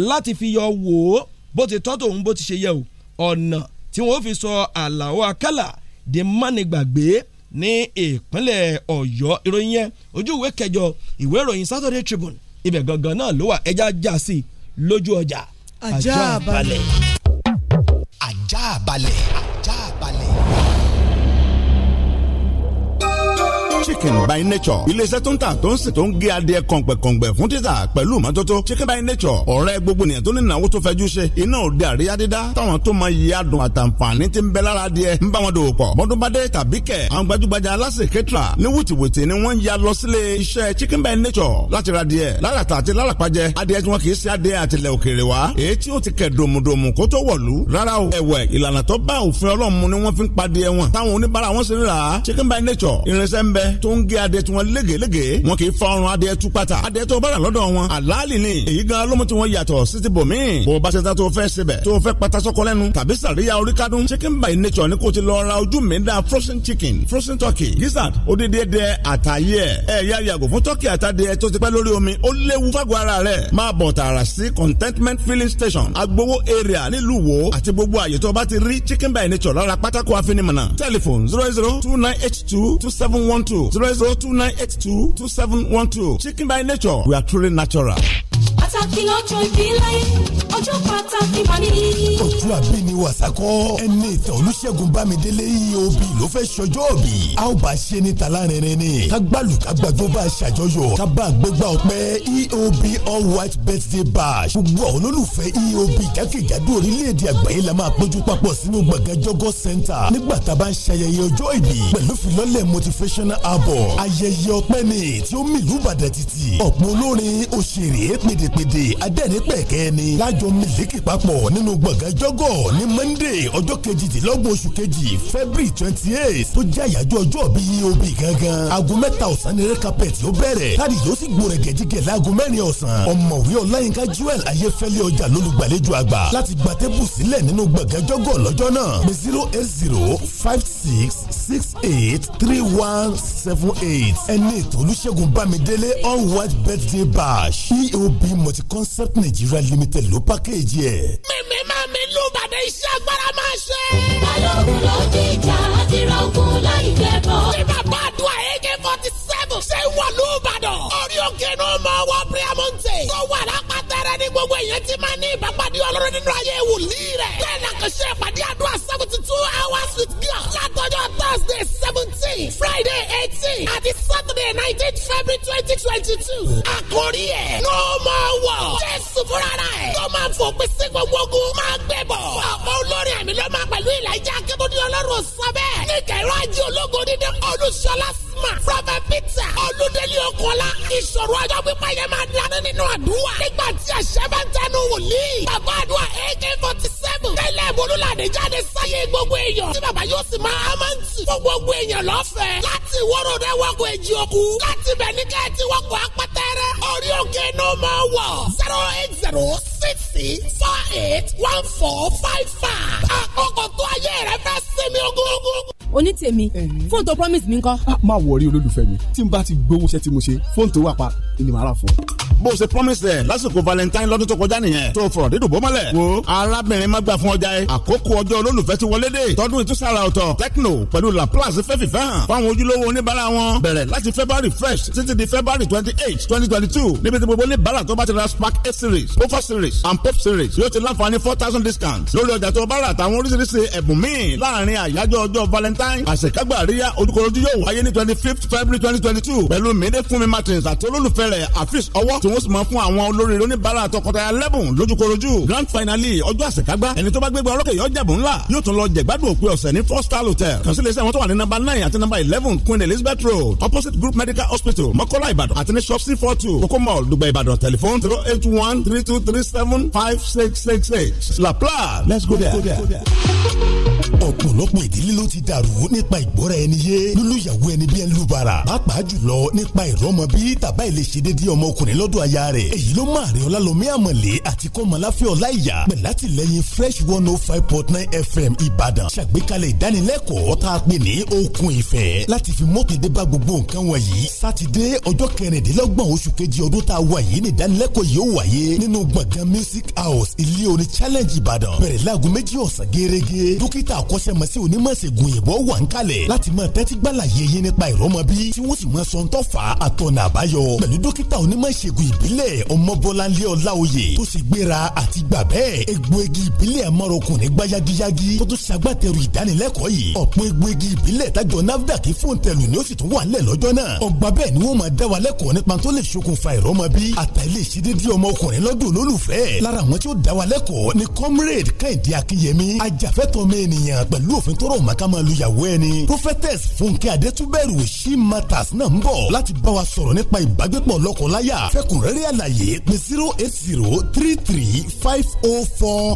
S4: láti fi yọ wò ó bó ti tọ́ tòun bó ti ṣe yẹ o ọ̀nà tí wọ́n fi sọ Àlàó Àkàlà di mánigbàgbé ní ìpínlẹ̀ Ọ̀yọ́ ìròyìn yẹn ojú ìwé kẹjọ ìwé ìròyìn Saturday Tribune ibẹ̀ gangan náà ló wà ẹja já sí lójú ọjà
S5: ajá balẹ̀.
S4: ajá
S7: balẹ̀.
S6: chicken by nature iléeṣẹ́ tó ń tà tó ń sè tó ń gé adìẹ kọ̀ǹpẹ̀kọ̀ǹpẹ̀ fún títà pẹ̀lú mọ́tótó chicken by nature ọ̀rẹ́ gbogbo nìyẹn tó ní ìnáwó tó fẹ́ jù ṣe iná òde àríyá dídá táwọn tó máa yí adùn àtàǹfààní tí ń bẹ lára adìẹ ń bá wọn dòwò pọ̀ bọ́dún bá dé tàbí kẹ̀ àwọn gbajúgbajà aláṣẹ kẹtìrà ní wùtìwùtì ni wọ́n ya lọ sílé iṣẹ́ chicken by nature láti ra adìẹ láràtà àti láràpàjẹ adìẹ tí wọn kì í ṣe adìẹ àtìlẹ̀ ti kẹ̀ dòmùdòmù kó tó tó ń gé adẹ tí wọ́n légelége wọn kì í fa ọrùn adẹ tú pata adẹ tó bára lọ́dọ̀ wọn àlàálì ni èyí gan ló mú tí wọ́n yàtọ̀ sí ti bò míì bó o bá ṣe ta tó fẹ́ sebẹ̀ tó fẹ́ pata sọ́kọ lẹ́nu tàbí sàríya orí kádùn chicken by nature ni kò ti lọ ra ojú mi da frozen chicken frozen turkey gizzard odidi ẹdẹ àtàyè ẹ ẹ yá yàgò fún turkey àtàdé tó ti pẹ́ lórí omi ó léwu fágọ̀ ara rẹ̀ máa bọ̀ tààrà sí contentment filling station agbowó area nílùú wo àti gbogbo àyè tó bá ti rí chicken by nature lára pátákó àfinimọ̀nà telephone zero zero two nine eight two two seven one two zero zero two nine eight two two seven one two chicken by nature we are truly natural
S3: pàtàkì lọ́jọ́ ìbílẹ̀ ọjọ́ pàtàkì mà ní.
S6: ọjọ́ àbí ni wàsákọ́ ẹni ìtàn olùṣègùn bámidélé eob ló fẹ́ ṣọjọ́ bí. a ó bá ṣe ní talárinrin ni ká gbàlù ká gbàgbó bá ṣàjọyọ̀ ká bá gbégbá ọpẹ́ eob all white birthday bash gbogbo àwọn olólùfẹ́ eob jákèjádò orílẹ̀-èdè àgbáyé la máa péjú papọ̀ sínú gbọ̀ngàn jọgọ́ center nígbà tá a bá ń ṣayẹyẹ ọjọ́ ìbí pẹ̀lú filọ́lẹ̀ motivational album ayẹyẹ ọpẹ́ ni tí ó mìlú bàdàn títì gbàgede adẹ́rẹ́pẹ̀kẹ́ ni lájọ mílíkì papọ̀ nínú gbọ̀ngàn jọ́gọ̀ ní monday ọjọ́ kejìdínlọ́gbọ̀n oṣù kejì february twenty eight tó jẹ́ àyájọ́ ọjọ́ bí eob gangan aago mẹ́ta ọ̀sán ni rẹ́kápẹ́t yóò bẹ̀rẹ̀ láti yóò sì gbòòrè gẹ̀jígẹ̀ láago mẹ́rin ọ̀sán ọ̀mọ̀wé ọláyínká joel ayéfẹ́lẹ́ ọjà lólùgbàlejò àgbà láti gba tébù sílẹ̀ nínú gbọ̀ngàn jọ́gọ̀ lọ́jọ́ náà pé zero eight zero five six six eight three one seven eight ẹni ètò olùṣègùn bámidélé on white birthday bash eob mọ̀ but concept nigeria limited ló package ẹ̀.
S2: mímí máa mi lù bàdé iṣẹ́ agbára máa ṣe. balógun ló jíjà àti ra ogun láì jẹ́bọ. tí bàbá àdúrà ak forty seven ṣe wà lù bàdàn. orí òkè ni ó máa wọ pírí gbogbo èèyàn ti máa ní ìbápadì ọlọ́run nínú ayé wòlíì rẹ̀. bẹ́ẹ̀ la kàn ṣe ìpàdé àdúrà seventy two hours with God látọjọ́ thursday seventeen friday eighteen àti saturday nineteen february twenty twenty two. àkórí ẹ̀ no more war. jésù fúnra rẹ̀ tó máa fòpin sí gbogbo ogun máa gbẹ bọ̀. ọ̀pọ̀ olórin àmì ló máa pẹ̀lú ìlàjà akébọ̀dé ọlọ́run sọ bẹ́ẹ̀. ní kẹ̀rọ ajé ológo dídé olùṣọlá Asma. Prọfẹ̀t Peter Olúdélé Ọkọ̀lá. Ìṣòro ọjọ́ pípa yẹn máa dání nínú àdúrà. Nígbà tí àṣà sẹ́bàtánu wòlíì. bàbá àdúrà ak forty seven. tẹ́lẹ̀ bolúlàdé jáde sáyé gbogbo èèyàn. tí bàbá yóò sì máa hámà ń tì. fún gbogbo èèyàn lọ́fẹ̀ẹ́. láti wóró rẹ wọ́kọ̀ èjì òkú. láti bẹ̀ ní kẹ́ẹ̀tì wọ́kọ̀ apátẹ́rẹ́. orí òkè ni máa wọ̀. zero eight zero six six four eight one four five five. àkókò tó
S7: ayé rẹ fẹ́ sinmi ogógógó
S9: oní tèmi fóònù tó promise mi ń kọ́. máa wọ̀ rí olólùfẹ́
S6: mi tí n bá ti gbóhùn iṣẹ́ tí mo ṣe fóònù tó wà pa ni màá rà fún bó ṣe promise ẹ lásìkò valentine lọ́dún tó kọjá nìyẹn tó fọ̀rọ̀ dídùn bó mọ́lẹ̀. wo arábìnrin má gbà fún ọjà ẹ àkókò ọjọ́ olólùfẹ́ ti wọlé dé tọdún ìtúsára ọ̀tọ̀ Tecno pẹ̀lú Laplace fẹ́ fìfẹ́ hàn fáwọn ojúlówó oníbàárà wọn bẹ̀rẹ̀ láti February first títí di February twenty eight twenty twenty two níbi tí gbogbo oníbàárà tó bá ti ra Spark eight series pofa series and pop series yóò ti four thousand discount lórí ọjà tó bá rà àtàwọn oríṣiríṣi ẹ̀bùn míì láàrin àyájọ́ ọjọ́ valentine àṣekágbà àríyá olùkọ́rọ́jú yóò wáyé ní twenty fifth February twenty twenty two pẹ̀lú Mèdè Fúnmi Martins àti olólùfẹ́ rẹ̀ Afis ọwọ́ wọ́n sì máa fún àwọn olórí oníbàárà tọkọtaya lẹ́bùn lójúkorojú grand finale ọjọ́ àṣekágbá ẹni tó bá gbégbá ọlọ́kẹ̀ yọ jẹ̀bù ńlá yóò tún lọ jẹ̀gbádùn òpin ọ̀sẹ̀ ní four star hotel kàn sí iléeṣẹ́ wọn tó wà ní nọ́mbà nine àti nọ́mbà eleven queen elizabeth road opposite group medical hospital mọ́kọ́lá ìbàdàn àti ní shop c four two kókó mall dùgbà ìbàdàn telephone zero eight one three two three seven five six six six la let's go there. ọ̀pọ̀lọpọ̀ ìdílé ló ti dàrú nípa ìgbọ́ra ẹni yé lólùyàwó ẹni bí ẹni lùbàrà pàápàá jùlọ nípa ìrọmọbí tàbá ìlẹ̀ṣẹ̀dédé ọmọkùnrin lọ́dọ̀ pẹ̀lú aya rẹ̀ èyí ló máa rí ọlálọ́mí àmọ̀lé àti kọ́mọláfẹ́ ọláìyá pẹ̀látìlẹ́yìn fresh one oh five point nine fm ìbàdàn ṣàgbékalẹ̀ ìdánilẹ́kọ̀ọ́ tá a pè ní okun ìfẹ́ láti fi mọ́tòdé bá gbogbo nǹkan wọ̀nyí sátidé ọjọ́ kẹrìndínlọ́gbọ̀n oṣù kejì ọdún tá a wà yìí ní ìdánilẹ́kọ̀ọ́ yìí ó wáyé nínú gbọ̀ngàn music house ilé orin challenge ìbàdàn bẹ̀rẹ̀ láago méjì ọ̀sán gẹ́gẹ́ dókítà akọ́ṣẹ́mọṣẹ́ onímọ̀ṣègùn òyìnbó wà ń kalẹ̀ láti máa tẹ́tí gbàlàyé yín nípa ìrọ́mọbí tí wọ́n sì máa sọ ń tọ́fà àtọ̀nà àbáyọ pẹ̀lú dókítà onímọ̀ṣègùn ìbílẹ̀ ọmọbọ́láńlé ọláoyè tó sì gbéra àti gbà bẹ́ẹ̀ egbò igi ìbílẹ̀ amọ̀rọ̀kùn ní gbáyagíyágí tó tún ṣagbátẹrù ìdánilẹ́kọ̀ọ́ yìí ọ̀pọ̀ egbò igi ìbílẹ̀ tájọ nafdac fún tẹlù ni ó sì tún wà nílẹ̀ lọ́jọ́ náà ọgbà bẹ́ẹ̀ ni wọ́n máa dá wa lẹ́kọ̀ọ́ nípa tó lè ṣokùnfà ìrọ́mọ bí àtàlẹ́ ìṣídéédé ọmọ ọkùnrin lọ́dún olólùfẹ́ lára àwọn tí ó dá wa lẹ́kọ̀ọ́ ni comrade kẹ́hìndé akínyẹmí ajàfẹ́tọ̀ mi ènìyàn pẹ̀lú òfin tó rọ̀ màkà máa lu ìyàwó ẹni prophetess fúnkẹ́ adétúbẹ̀rù she matters náà ń bọ̀ láti bá wa sọ̀rọ̀ nípa ìbágbépọ̀ ẹ̀kúnrẹ́rẹ́ àlàyé pé zero eight zero three three five oh four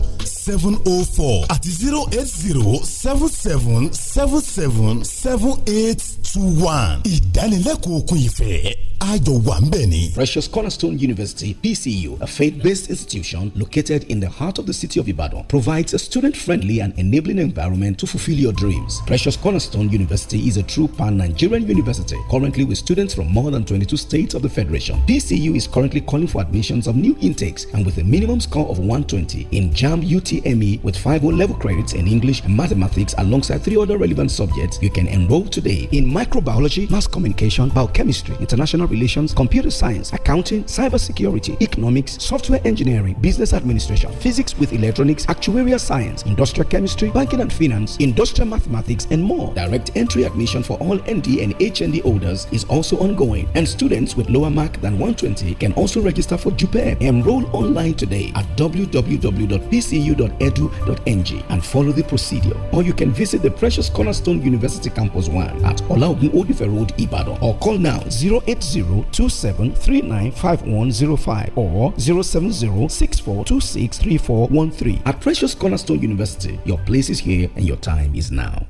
S6: seven oh four àti zero eight zero seven seven seven seven seven eight I ìdánilẹ́kọ̀ọ́ òkun ìfẹ́ ayọ̀ wà ń bẹ̀ ni.
S9: Precious Cornerstone University PCU a faith-based institution located in the heart of the city of Ibadan provides a student-friendly and enabling environment to fulfill your dreams. Precious Cornerstone University is a true pan-Nigerian university currently with students from more than 22 states of the federation. PCU is currently calling for admissions of new intakes and with a minimum score of 120 in JAM UT CME with 500 level credits in English and mathematics alongside three other relevant subjects. You can enroll today in microbiology, mass communication, biochemistry, international relations, computer science, accounting, cybersecurity, economics, software engineering, business administration, physics with electronics, actuarial science, industrial chemistry, banking and finance, industrial mathematics, and more. Direct entry admission for all ND and HND holders is also ongoing, and students with lower mark than 120 can also register for JUPEB. Enroll online today at www.pcu.edu www.edu.ng and follow the procedure. Or you can visit the precious Cornerstone University Campus 1 at Olaogun Odife Road, Ibadan. Or call now 08027395105 or 07064263413. At Precious Cornerstone University, your place is here and your time is now.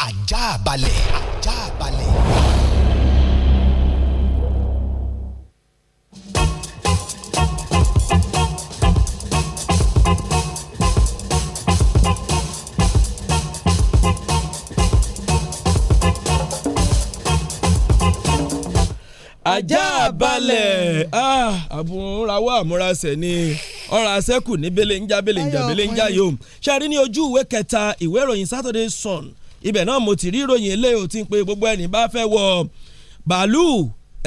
S9: Ajabale. balẹ̀.
S4: àmúrawọ́ àmúrasẹ̀ ni ọ̀rọ̀ àṣẹ́kù ní belenja belenja belenja yòó ṣe rí ní ojú ìwé kẹta ìwé ìròyìn Saturday Sun ibẹ̀ náà mo ti rí ìròyìn eléyò tí ń pe gbogbo ẹni bá fẹ́ wọ bàálù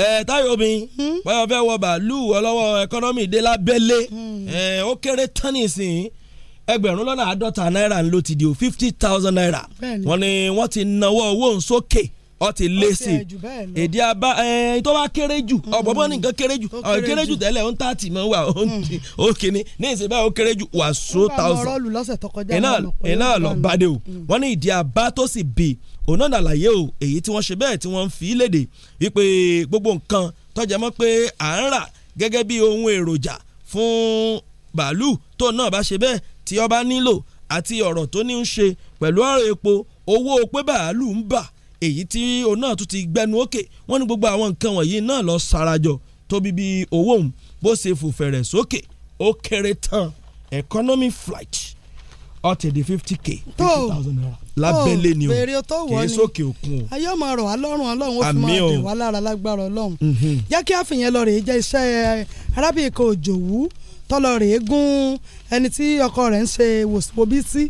S4: ẹ táyọ̀mí hmm? báyọ̀ fẹ́ wọ bàálù ọlọ́wọ́ ẹkọ́nọ́mì dé lábẹ́lé hmm. ẹ ó kéré tán nìsín ẹgbẹ̀rún lọ́nà àádọ́ta náírà ló ti di o fifty thousand naira wọ́n ní wọ́n ti nawọ́ owó ń So ọ ti lé sí i èdè abá ẹ tó kéré jù ọ̀bọ̀bọ̀ mm-hmm. nìkan kéré jù ọ̀ kéré jù tẹ́lẹ̀ ọ̀n tààtì mọ́ wà ó mm-hmm. kéne ní ìsìn báyìí ó kéré jù wà so thousand
S5: ẹ̀ lọ bá
S4: o mm. wọ́n ní ìdí abá tó sì bì òun náà nàlàyé o èyí tí wọ́n ṣe bẹ́ẹ̀ tí wọ́n ń fi léde wípé gbogbo nǹkan tọ́jà mọ́ pé à ń rà gẹ́gẹ́ bí ohun èròjà fún bàálù tó náà bá ṣe bẹ́ẹ̀ tí ọba nílò àti ọ̀rọ̀ tó ní ń ṣe pẹ̀lú ọ̀rọ̀ epo owó pé bàálù ń bà èyí tí òun náà tún ti gbẹnu òkè wọ́n ní gbogbo àwọn nǹkan wọ̀nyí náà lọ sarajọ tóbi bí owó òun bó ṣe fò fẹ̀rẹ̀ sókè ó kéré tán economy flight ó ti di fifty
S5: k fifty thousand naira lábẹ́lẹ̀ ni o kìí sókè òkun o. ayé ọmọ rọ̀ wá lọ́rùn ọlọ́run ó fi máa dè wá lára lágbára ọlọ́run mhm. jẹ́ kí àfihàn lọ rèé jẹ́ iṣẹ́ arábìnrin òjòwú tọ́lọ rèé gún ẹni tí ọkọ rẹ̀ ń ṣe wòsíwòbí sí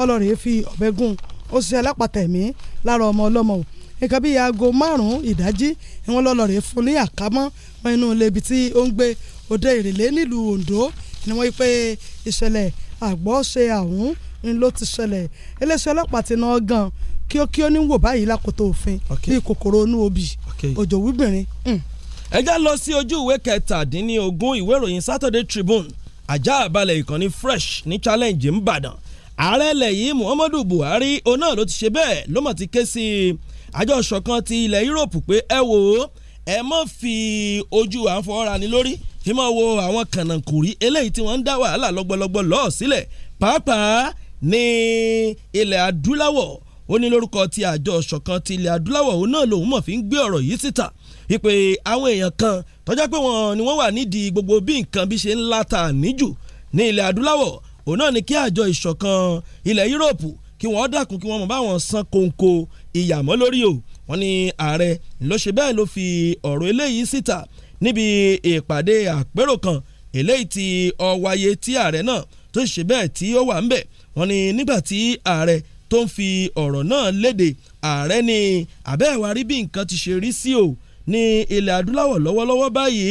S5: ọlọ́ fi ọ̀bẹ gún un ó ṣiṣẹ́ alápàtà ẹ̀mí lára ọmọ ọlọ́mọ nǹkan bíi aago márùn-ún ìdájí ni wọ́n lọ́ọ́ fún ní àkámọ́ wọn inú ilé tí ó ń gbé òde ìrèlé nílùú Ondo ni wọ́n yí ìṣẹ̀lẹ̀ àgbọ̀ ṣe àhún ni ló ti ṣẹlẹ̀ iléeṣẹ́ ọlọ́pàá ti náà gan kí ó kí ó ní wò báyìí lákòótó òfin bíi kòkòrò inú obì òjò wíbìnrin. Hmm.
S4: ẹ já lọ sí ojú ìwé kẹtàdínní ìwé ìròyìn Saturday Tribune ajá àbálẹ̀ ìkànnì fresh ní challenge ń bàdàn ààrẹ ilẹ̀ yìí Muhammadu Buhari òun náà ló ti ṣe bẹ́ẹ̀ ló mọ̀ ti ké sí àjọ ìṣọ̀kan ti ilẹ̀ Yúróòpù pé ẹ wò ó ẹ mọ̀ fi ojú à ni lórí fi mọ̀ wo àwọn kànáńkùrí eléyìí tí wọ́n ń dá wàhálà lọ́gbọ́lọ́gbọ́ lọ́ọ̀ sílẹ̀ pàápàá ní ilẹ̀ adúláwọ̀ ó ní lórúkọ ti àjọ ìṣọ̀kan ti ilẹ̀ adúláwọ̀ òun náà lòun mọ̀ fi ń gbé ọ̀rọ̀ yìí síta wípé àwọn èèyàn kan tọ́já pé wọ́n ni wọ́n wà nídìí gbogbo bí nǹkan bí ṣe ń láta níjù ní ilẹ̀ adúláwọ̀ òun náà ni kí àjọ ìṣọ̀kan ilẹ̀ yúróòpù kí wọ́n dákun kí wọ́n mọ̀ báwọn san kòǹkò ìyàmọ́ lórí o wọ́n ní ààrẹ ló ṣe bẹ́ẹ̀ ló fi ọ̀rọ̀ eléyìí síta níbi ìpàdé àpérò kan eléyìí tí ó wáyé tí ààrẹ náà tó ṣe bẹ́ẹ̀ tí ó wà ń bẹ̀ wọ́n ní nígbà tí ààrẹ tó ń fi ọ̀rọ̀ náà léde ààrẹ ni àbẹ́ẹ̀wá rí bí nǹkan ti ṣe rí sí o ní ilẹ̀ adúláwọ̀ lọ́wọ́lọ́wọ́ báyìí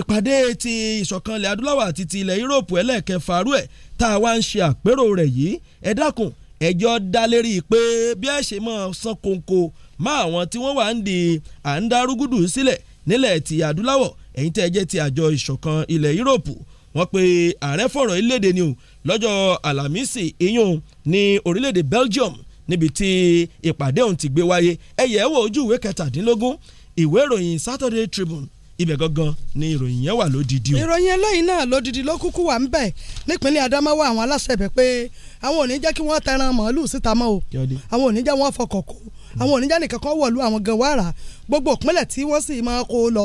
S4: ìpàdé ti ìṣọ̀kan ilẹ̀ adúláwà àti ti ilẹ̀ yúróòpù ẹlẹ́ẹ̀kẹfà rú ẹ̀ tá a wá ń ṣe àpérò rẹ̀ yìí ẹ dákun ẹjọ́ dá lérí pé bí ẹ ṣe máa san kòǹkò má àwọn tí wọ́n wà ń di à ń darúgúdù sílẹ̀ nílẹ̀ ti adúláwọ̀ ẹ̀yin tẹ́ ẹ jẹ́ ti àjọ ìṣọ̀kan ilẹ̀ yúróòpù wọ́n pe ààrẹ fọ̀rọ̀ iléde ni o lọ́jọ́ àlàmísì iyún ní orílẹ̀-èdè Belgium níbi tí ìpàdé ọ̀hún ti gbé wáyé ẹ̀yẹ̀ wò ojú ìwé kẹtàdínlógún ìwé ìròyìn Saturday Tribune ibẹ̀ gangan ni ìròyìn yẹn wà lódìdí o.
S5: ìròyìn eléyìí náà lódìdí ló kúkú wà ń bẹ̀ nípínlẹ̀ Adamawa àwọn aláṣẹ ibẹ̀ pé àwọn ò ní jẹ́ kí wọ́n tẹran màálùú síta mọ́ o àwọn ò ní jẹ́ wọ́n fọkọ̀ kó àwọn ò ní jẹ́ nìkan kan wọ̀lú àwọn gan wàrà gbogbo ìpínlẹ̀ tí wọ́n sì máa kó lọ